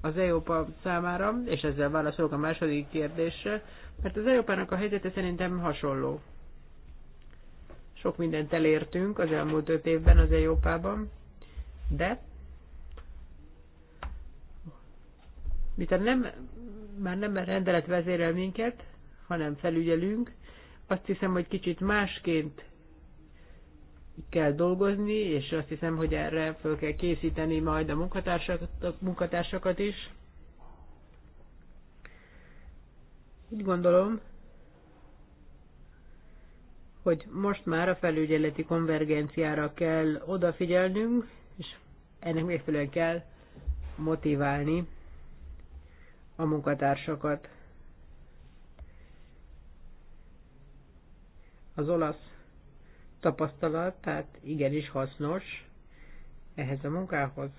az európa számára, és ezzel válaszolok a második kérdésre, mert az európának a helyzete szerintem hasonló. Sok mindent elértünk az elmúlt öt évben az európában, de mivel nem, már nem rendelet vezérel minket, hanem felügyelünk, azt hiszem, hogy kicsit másként kell dolgozni, és azt hiszem, hogy erre föl kell készíteni majd a munkatársakat, a munkatársakat is. Úgy gondolom, hogy most már a felügyeleti konvergenciára kell odafigyelnünk, és ennek megfelelően kell motiválni a munkatársakat. Az olasz tapasztalat, tehát igenis hasznos ehhez a munkához.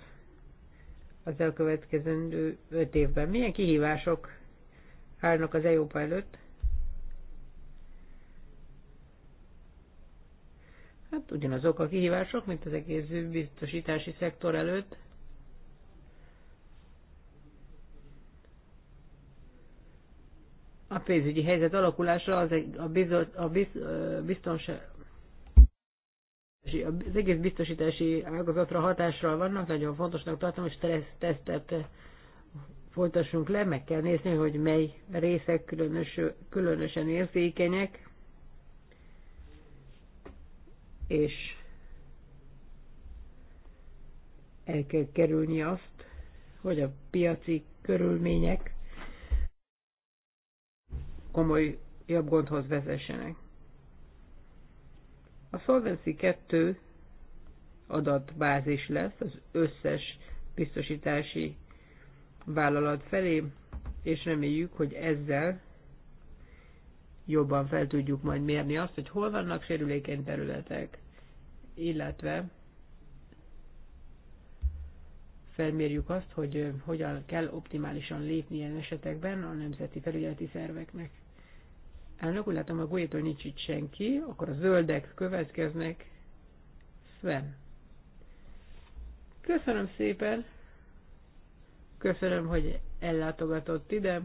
Az elkövetkezendő öt évben milyen kihívások állnak az EOPA előtt? Hát ugyanazok a kihívások, mint az egész biztosítási szektor előtt. A pénzügyi helyzet alakulása az egy, a, bizot, a, biz, biztonság, az egész biztosítási ágazatra hatással vannak, nagyon fontosnak tartom, hogy tesztet folytassunk le, meg kell nézni, hogy mely részek különös, különösen érzékenyek, és el kell kerülni azt, hogy a piaci körülmények jobb gondhoz vezessenek. A Solvency 2 adatbázis lesz az összes biztosítási vállalat felé, és reméljük, hogy ezzel jobban fel tudjuk majd mérni azt, hogy hol vannak sérülékeny területek, illetve felmérjük azt, hogy hogyan kell optimálisan lépni ilyen esetekben a nemzeti felügyeleti szerveknek. Elnök, úgy látom, a Guétől nincs itt senki, akkor a zöldek következnek. Sven. Köszönöm szépen. Köszönöm, hogy ellátogatott ide.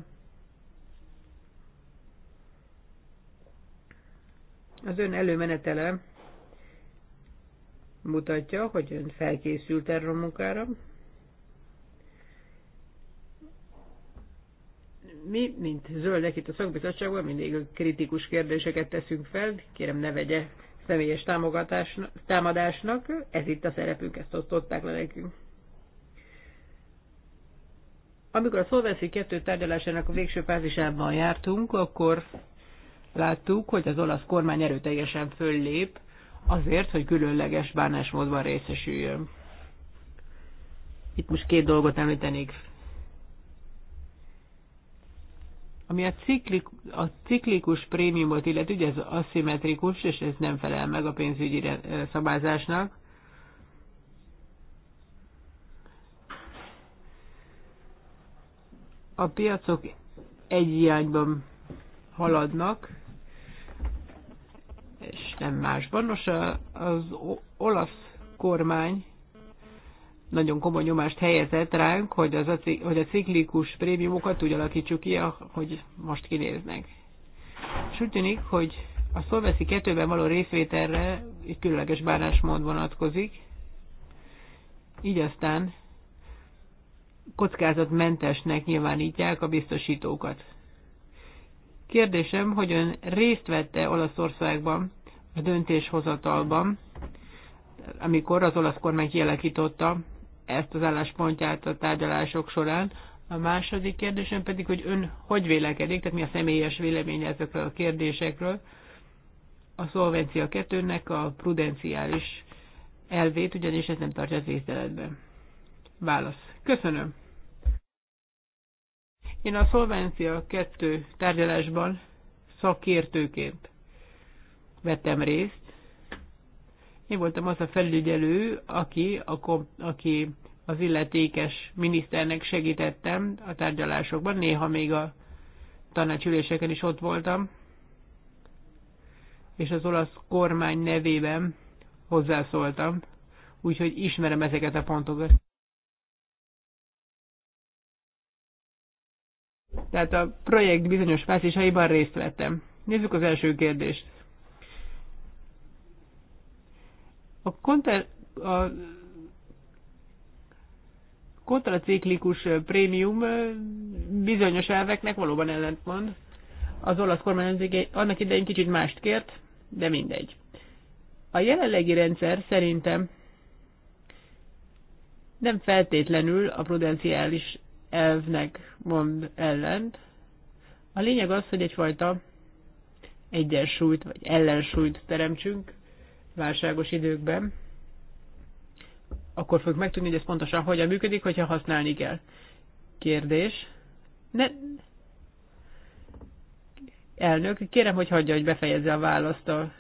Az ön előmenetele mutatja, hogy ön felkészült erre a munkára, mi, mint zöldek itt a szakbizottságban mindig kritikus kérdéseket teszünk fel, kérem ne vegye személyes támogatásnak, támadásnak, ez itt a szerepünk, ezt osztották le nekünk. Amikor a Szolvenszi 2 tárgyalásának a végső fázisában jártunk, akkor láttuk, hogy az olasz kormány erőteljesen föllép azért, hogy különleges bánásmódban részesüljön. Itt most két dolgot említenék Ami a, ciklik, a ciklikus prémiumot illet, ugye ez aszimmetrikus, és ez nem felel meg a pénzügyi szabályzásnak. A piacok egy irányban haladnak, és nem másban. Nos, az olasz kormány nagyon komoly nyomást helyezett ránk, hogy, az a, hogy a ciklikus prémiumokat úgy alakítsuk ki, hogy most kinéznek. És úgy tűnik, hogy a Szolveszi 2-ben való részvételre egy különleges bánásmód vonatkozik, így aztán kockázatmentesnek nyilvánítják a biztosítókat. Kérdésem, hogy ön részt vette Olaszországban a döntéshozatalban, amikor az olasz kormány kialakította ezt az álláspontját a tárgyalások során. A második kérdésem pedig, hogy ön hogy vélekedik, tehát mi a személyes véleménye ezekről a kérdésekről. A szolvencia kettőnek a prudenciális elvét, ugyanis ez nem tartja az észteletben. Válasz. Köszönöm. Én a szolvencia kettő tárgyalásban szakértőként vettem részt, én voltam az a felügyelő, aki, a, aki az illetékes miniszternek segítettem a tárgyalásokban, néha még a tanácsüléseken is ott voltam, és az olasz kormány nevében hozzászóltam, úgyhogy ismerem ezeket a pontokat. Tehát a projekt bizonyos fázisaiban részt vettem. Nézzük az első kérdést. A, konter, a kontraciklikus prémium bizonyos elveknek valóban ellentmond. Az olasz kormány annak idején kicsit mást kért, de mindegy. A jelenlegi rendszer szerintem nem feltétlenül a prudenciális elvnek mond ellent. A lényeg az, hogy egyfajta egyensúlyt vagy ellensúlyt teremtsünk válságos időkben, akkor fogjuk megtudni, hogy ez pontosan hogyan működik, hogyha használni kell. Kérdés. Ne... Elnök, kérem, hogy hagyja, hogy befejezze a választ a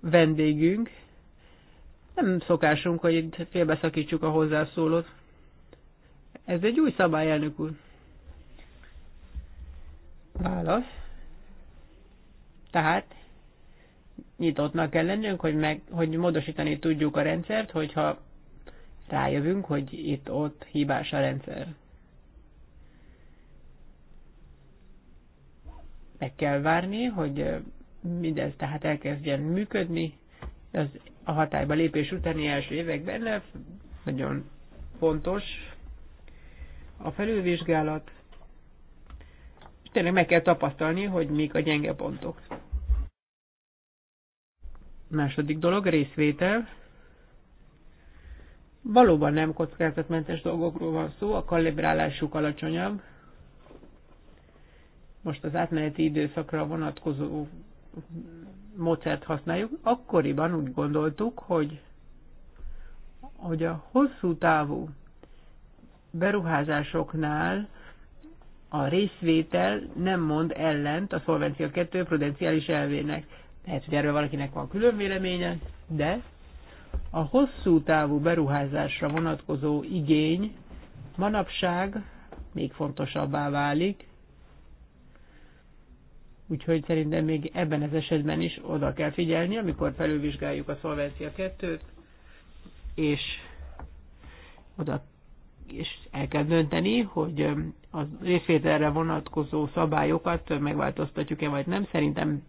vendégünk. Nem szokásunk, hogy itt félbeszakítsuk a hozzászólót. Ez egy új szabály, elnök úr. Válasz. Tehát nyitottnak kell lennünk, hogy, meg, hogy módosítani tudjuk a rendszert, hogyha rájövünk, hogy itt-ott hibás a rendszer. Meg kell várni, hogy mindez tehát elkezdjen működni. Az a hatályba lépés utáni első években nagyon fontos a felülvizsgálat, és tényleg meg kell tapasztalni, hogy mik a gyenge pontok. Második dolog, részvétel. Valóban nem kockázatmentes dolgokról van szó, a kalibrálásuk alacsonyabb. Most az átmeneti időszakra vonatkozó módszert használjuk. Akkoriban úgy gondoltuk, hogy, hogy a hosszú távú beruházásoknál a részvétel nem mond ellent a Szolvencia 2 prudenciális elvének. Lehet, hogy erről valakinek van külön véleménye, de a hosszú távú beruházásra vonatkozó igény manapság még fontosabbá válik, úgyhogy szerintem még ebben az esetben is oda kell figyelni, amikor felülvizsgáljuk a Szolvencia 2-t, és oda és el kell dönteni, hogy az részvételre vonatkozó szabályokat megváltoztatjuk-e vagy nem. Szerintem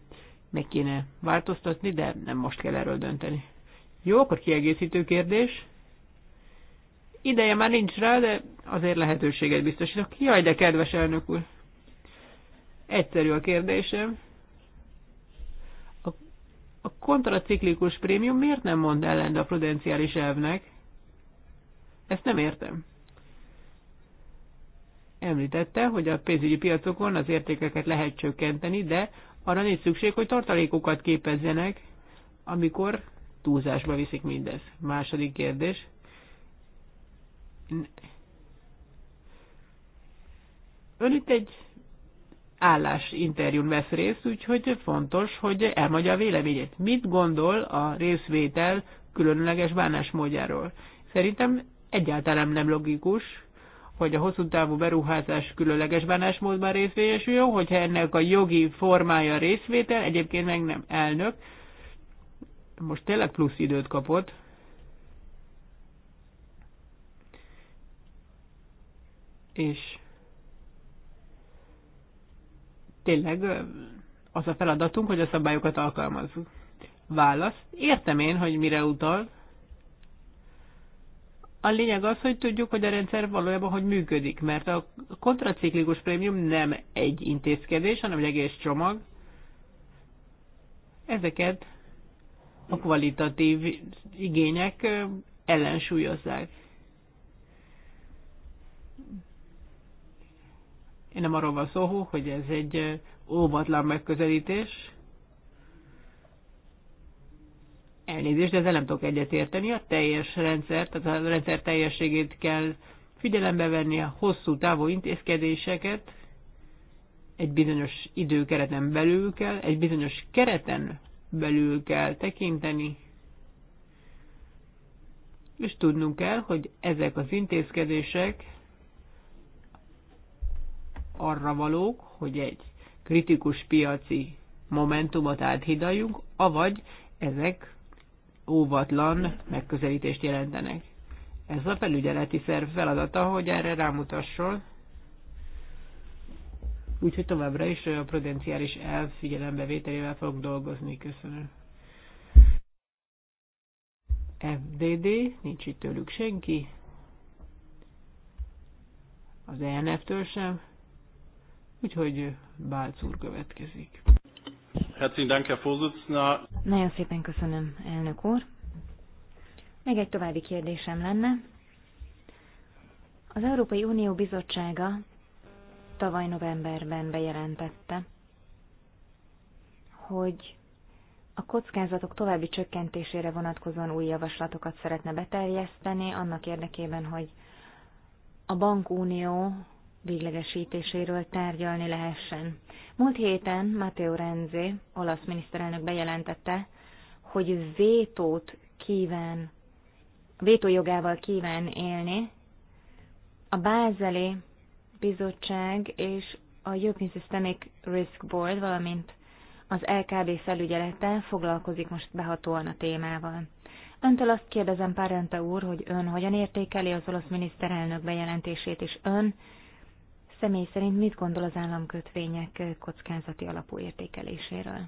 meg kéne változtatni, de nem most kell erről dönteni. Jó, akkor kiegészítő kérdés. Ideje már nincs rá, de azért lehetőséget biztosítok. Jaj, de kedves elnök úr! Egyszerű a kérdésem. A, a kontraciklikus prémium miért nem mond ellent a prudenciális elvnek? Ezt nem értem. Említette, hogy a pénzügyi piacokon az értékeket lehet csökkenteni, de arra nincs szükség, hogy tartalékokat képezzenek, amikor túlzásba viszik mindez. Második kérdés. Ön itt egy állásinterjún vesz részt, úgyhogy fontos, hogy elmondja a véleményét. Mit gondol a részvétel különleges bánásmódjáról? Szerintem egyáltalán nem logikus, hogy a hosszú távú beruházás különleges bánásmódban részvényesül, hogyha ennek a jogi formája részvétel, egyébként meg nem elnök. Most tényleg plusz időt kapott. És tényleg az a feladatunk, hogy a szabályokat alkalmazzuk. Válasz. Értem én, hogy mire utal, a lényeg az, hogy tudjuk, hogy a rendszer valójában hogy működik, mert a kontraciklikus prémium nem egy intézkedés, hanem egy egész csomag. Ezeket a kvalitatív igények ellensúlyozzák. Én nem arról van szó, hogy ez egy óvatlan megközelítés, Elnézést, de ezzel nem tudok egyetérteni. A teljes rendszer, tehát a rendszer teljességét kell figyelembe venni a hosszú távú intézkedéseket, egy bizonyos időkereten belül kell, egy bizonyos kereten belül kell tekinteni, és tudnunk kell, hogy ezek az intézkedések arra valók, hogy egy kritikus piaci momentumot áthidaljunk, avagy ezek óvatlan megközelítést jelentenek. Ez a felügyeleti szerv feladata, hogy erre rámutasson, úgyhogy továbbra is a prudenciális elv figyelembevételével fogok dolgozni. Köszönöm. FDD, nincs itt tőlük senki. Az ENF-től sem. Úgyhogy Bálc úr következik. Herzlichen Dank, Herr Vorsitzender. Nagyon szépen köszönöm, elnök úr. Még egy további kérdésem lenne. Az Európai Unió Bizottsága tavaly novemberben bejelentette, hogy a kockázatok további csökkentésére vonatkozóan új javaslatokat szeretne beterjeszteni, annak érdekében, hogy a bankunió véglegesítéséről tárgyalni lehessen. Múlt héten Matteo Renzi, olasz miniszterelnök bejelentette, hogy vétót kíván, vétójogával kíván élni. A Bázeli Bizottság és a European Systemic Risk Board, valamint az LKB felügyelete foglalkozik most behatóan a témával. Öntől azt kérdezem, Párenta úr, hogy ön hogyan értékeli az olasz miniszterelnök bejelentését, és ön személy szerint mit gondol az államkötvények kockázati alapú értékeléséről?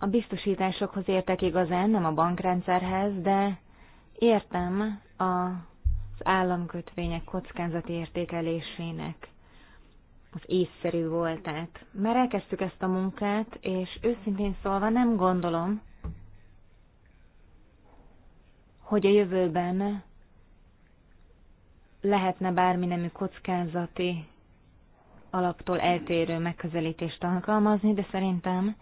A biztosításokhoz értek igazán, nem a bankrendszerhez, de értem a az államkötvények kockázati értékelésének az észszerű voltát. Már elkezdtük ezt a munkát, és őszintén szólva nem gondolom, hogy a jövőben lehetne bármi nemű kockázati alaptól eltérő megközelítést alkalmazni, de szerintem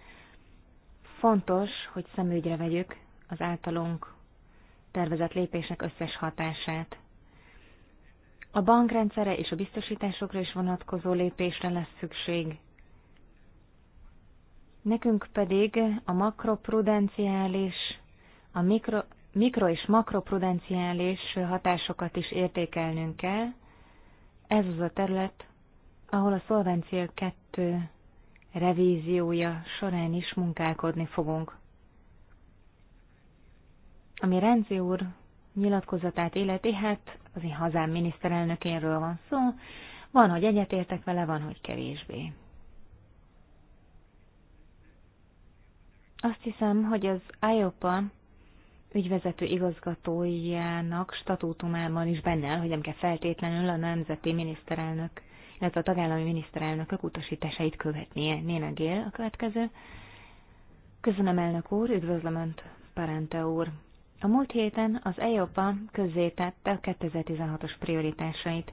fontos, hogy szemügyre vegyük az általunk tervezett lépések összes hatását. A bankrendszere és a biztosításokra is vonatkozó lépésre lesz szükség. Nekünk pedig a makroprudenciális, a mikro, mikro és makroprudenciális hatásokat is értékelnünk kell. Ez az a terület, ahol a Szolvencia 2 revíziója során is munkálkodni fogunk. Ami Renzi úr nyilatkozatát életi, hát az én hazám miniszterelnökéről van szó, van, hogy egyetértek vele, van, hogy kevésbé. Azt hiszem, hogy az IOPA ügyvezető igazgatójának statútumában is benne áll, hogy nem kell feltétlenül a nemzeti miniszterelnök, illetve a tagállami miniszterelnökök utasításait követnie. Néna Gél a következő. Köszönöm, elnök úr, üdvözlöm Önt, Parente úr. A múlt héten az EIOPA közzétette a 2016-os prioritásait.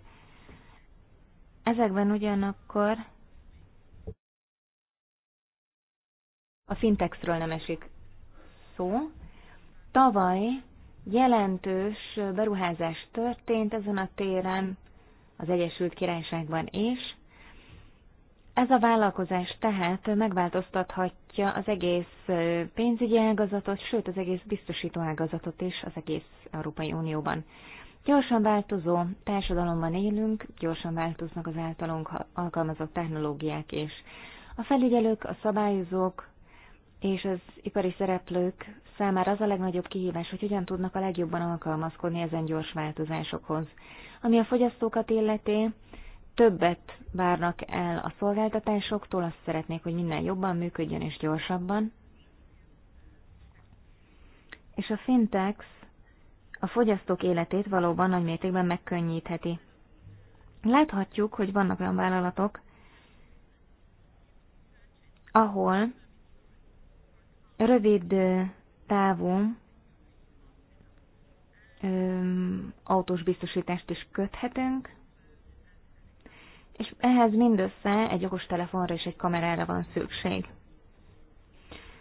Ezekben ugyanakkor a fintexről nem esik szó. Tavaly jelentős beruházás történt ezen a téren, az Egyesült Királyságban is, ez a vállalkozás tehát megváltoztathatja az egész pénzügyi ágazatot, sőt az egész biztosító ágazatot is az egész Európai Unióban. Gyorsan változó társadalomban élünk, gyorsan változnak az általunk alkalmazott technológiák és A felügyelők, a szabályozók és az ipari szereplők számára az a legnagyobb kihívás, hogy hogyan tudnak a legjobban alkalmazkodni ezen gyors változásokhoz. Ami a fogyasztókat illeti, többet várnak el a szolgáltatásoktól, azt szeretnék, hogy minden jobban működjön és gyorsabban. És a fintex a fogyasztók életét valóban nagy mértékben megkönnyítheti. Láthatjuk, hogy vannak olyan vállalatok, ahol rövid távú autós biztosítást is köthetünk, és ehhez mindössze egy okostelefonra és egy kamerára van szükség.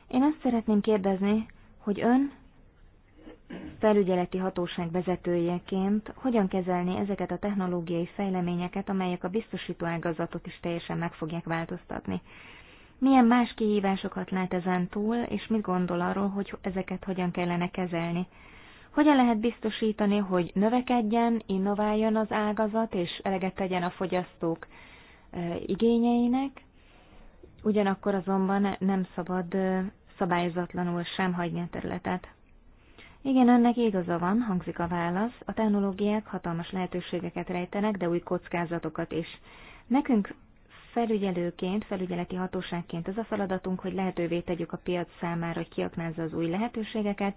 Én azt szeretném kérdezni, hogy ön felügyeleti hatóság vezetőjeként hogyan kezelni ezeket a technológiai fejleményeket, amelyek a biztosító ágazatot is teljesen meg fogják változtatni. Milyen más kihívásokat lát ezen túl, és mit gondol arról, hogy ezeket hogyan kellene kezelni? Hogyan lehet biztosítani, hogy növekedjen, innováljon az ágazat, és eleget tegyen a fogyasztók igényeinek, ugyanakkor azonban nem szabad szabályozatlanul sem hagyni a területet. Igen, önnek igaza van, hangzik a válasz, a technológiák hatalmas lehetőségeket rejtenek, de új kockázatokat is. Nekünk felügyelőként, felügyeleti hatóságként az a feladatunk, hogy lehetővé tegyük a piac számára, hogy kiaknázza az új lehetőségeket,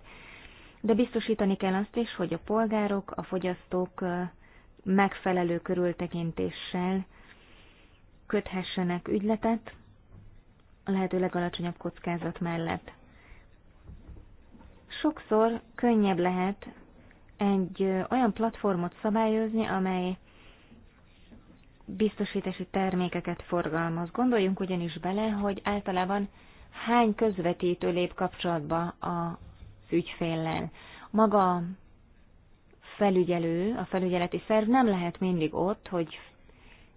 de biztosítani kell azt is, hogy a polgárok, a fogyasztók megfelelő körültekintéssel köthessenek ügyletet a lehető legalacsonyabb kockázat mellett. Sokszor könnyebb lehet egy olyan platformot szabályozni, amely biztosítási termékeket forgalmaz. Gondoljunk ugyanis bele, hogy általában hány közvetítő lép kapcsolatba a ügyféllel. Maga felügyelő, a felügyeleti szerv nem lehet mindig ott, hogy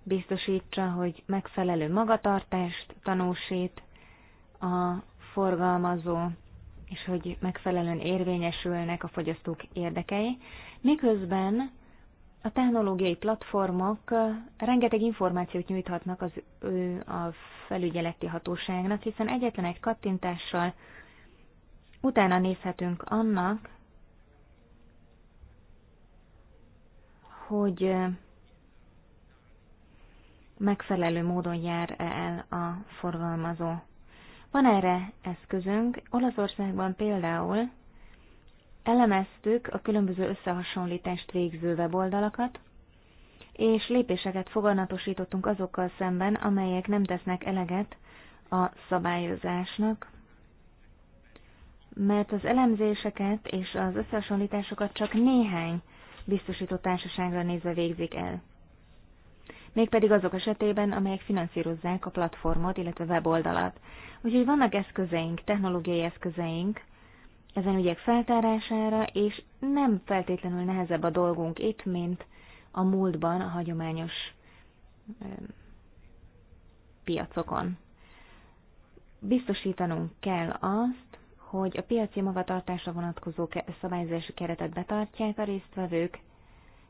biztosítsa, hogy megfelelő magatartást tanúsít a forgalmazó, és hogy megfelelően érvényesülnek a fogyasztók érdekei, miközben a technológiai platformok rengeteg információt nyújthatnak az ő a felügyeleti hatóságnak, hiszen egyetlen egy kattintással utána nézhetünk annak, hogy megfelelő módon jár -e el a forgalmazó. Van erre eszközünk. Olaszországban például elemeztük a különböző összehasonlítást végző weboldalakat, és lépéseket foganatosítottunk azokkal szemben, amelyek nem tesznek eleget a szabályozásnak, mert az elemzéseket és az összehasonlításokat csak néhány biztosított társaságra nézve végzik el. Mégpedig azok esetében, amelyek finanszírozzák a platformot, illetve weboldalat. Úgyhogy vannak eszközeink, technológiai eszközeink ezen ügyek feltárására, és nem feltétlenül nehezebb a dolgunk itt, mint a múltban a hagyományos piacokon. Biztosítanunk kell azt, hogy a piaci magatartásra vonatkozó szabályozási keretet betartják a résztvevők,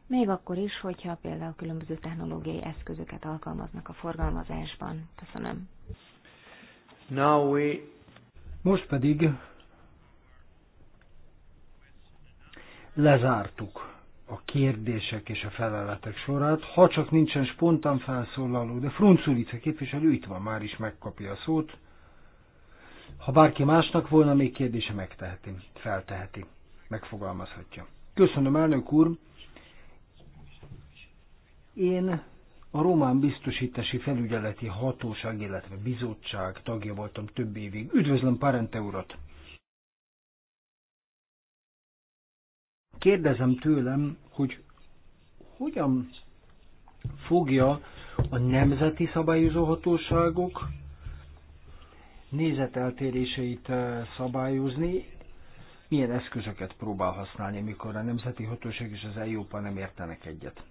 még akkor is, hogyha például különböző technológiai eszközöket alkalmaznak a forgalmazásban. Köszönöm. Now we... Most pedig lezártuk a kérdések és a feleletek sorát, ha csak nincsen spontán felszólaló, de Frunculice képviselő itt van, már is megkapja a szót. Ha bárki másnak volna még kérdése, megteheti, felteheti, megfogalmazhatja. Köszönöm, elnök úr! Én a Román Biztosítási Felügyeleti Hatóság, illetve Bizottság tagja voltam több évig. Üdvözlöm Parente urat! Kérdezem tőlem, hogy hogyan fogja a nemzeti szabályozó hatóságok nézeteltéréseit eh, szabályozni, milyen eszközöket próbál használni, mikor a Nemzeti Hatóság és az EIOPA nem értenek egyet.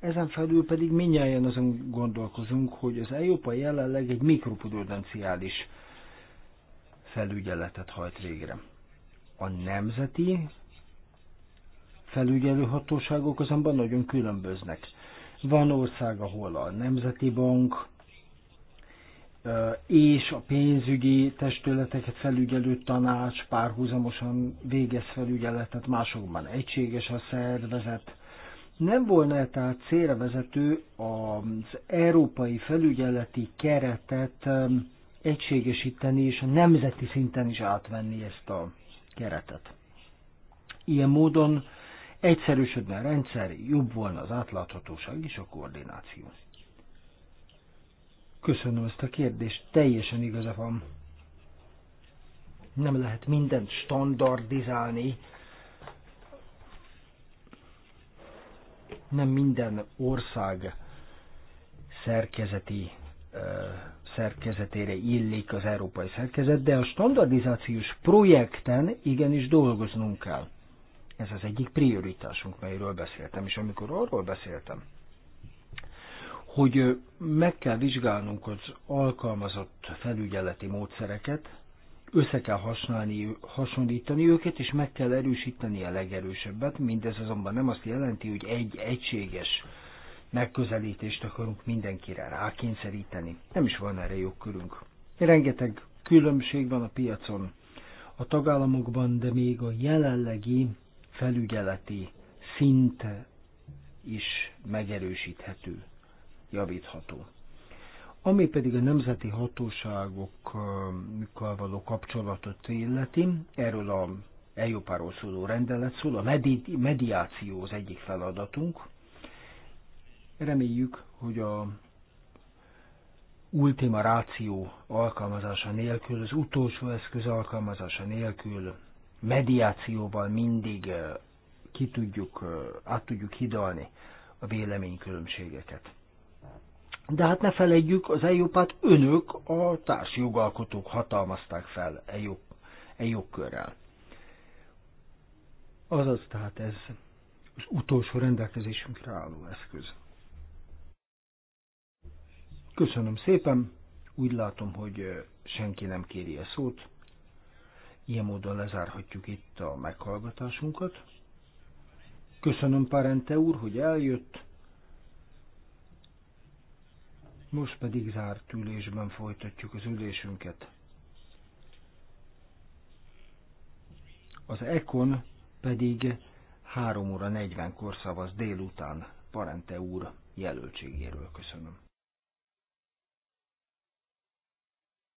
Ezen felül pedig mindjárt azon gondolkozunk, hogy az EIOPA jelenleg egy mikropudodenciális felügyeletet hajt végre. A nemzeti felügyelő hatóságok azonban nagyon különböznek. Van ország, ahol a Nemzeti Bank, és a pénzügyi testületeket felügyelő tanács párhuzamosan végez felügyeletet, másokban egységes a szervezet. Nem volna -e tehát célra vezető az európai felügyeleti keretet egységesíteni és a nemzeti szinten is átvenni ezt a keretet. Ilyen módon egyszerűsödne a rendszer, jobb volna az átláthatóság és a koordináció. Köszönöm ezt a kérdést, teljesen igaza van. Nem lehet mindent standardizálni, nem minden ország szerkezeti szerkezetére illik az európai szerkezet, de a standardizációs projekten igenis dolgoznunk kell. Ez az egyik prioritásunk, melyről beszéltem, és amikor arról beszéltem, hogy meg kell vizsgálnunk az alkalmazott felügyeleti módszereket, össze kell hasonlítani, hasonlítani őket, és meg kell erősíteni a legerősebbet. Mindez azonban nem azt jelenti, hogy egy egységes megközelítést akarunk mindenkire rákényszeríteni. Nem is van erre jogkörünk. Rengeteg különbség van a piacon, a tagállamokban, de még a jelenlegi felügyeleti szint is megerősíthető javítható. Ami pedig a nemzeti hatóságokkal való kapcsolatot illeti, erről a eljopáról szóló rendelet szól, a medi- mediáció az egyik feladatunk. Reméljük, hogy a ultima ráció alkalmazása nélkül, az utolsó eszköz alkalmazása nélkül mediációval mindig eh, ki tudjuk, eh, át tudjuk hidalni a véleménykülönbségeket. De hát ne felejtjük, az EIOPát önök, a társjogalkotók hatalmazták fel EIOP, e körrel. Azaz tehát ez az utolsó rendelkezésünkre álló eszköz. Köszönöm szépen, úgy látom, hogy senki nem kéri a szót. Ilyen módon lezárhatjuk itt a meghallgatásunkat. Köszönöm Parente úr, hogy eljött most pedig zárt ülésben folytatjuk az ülésünket. Az Ekon pedig 3 óra 40-kor szavaz délután Parente úr jelöltségéről köszönöm.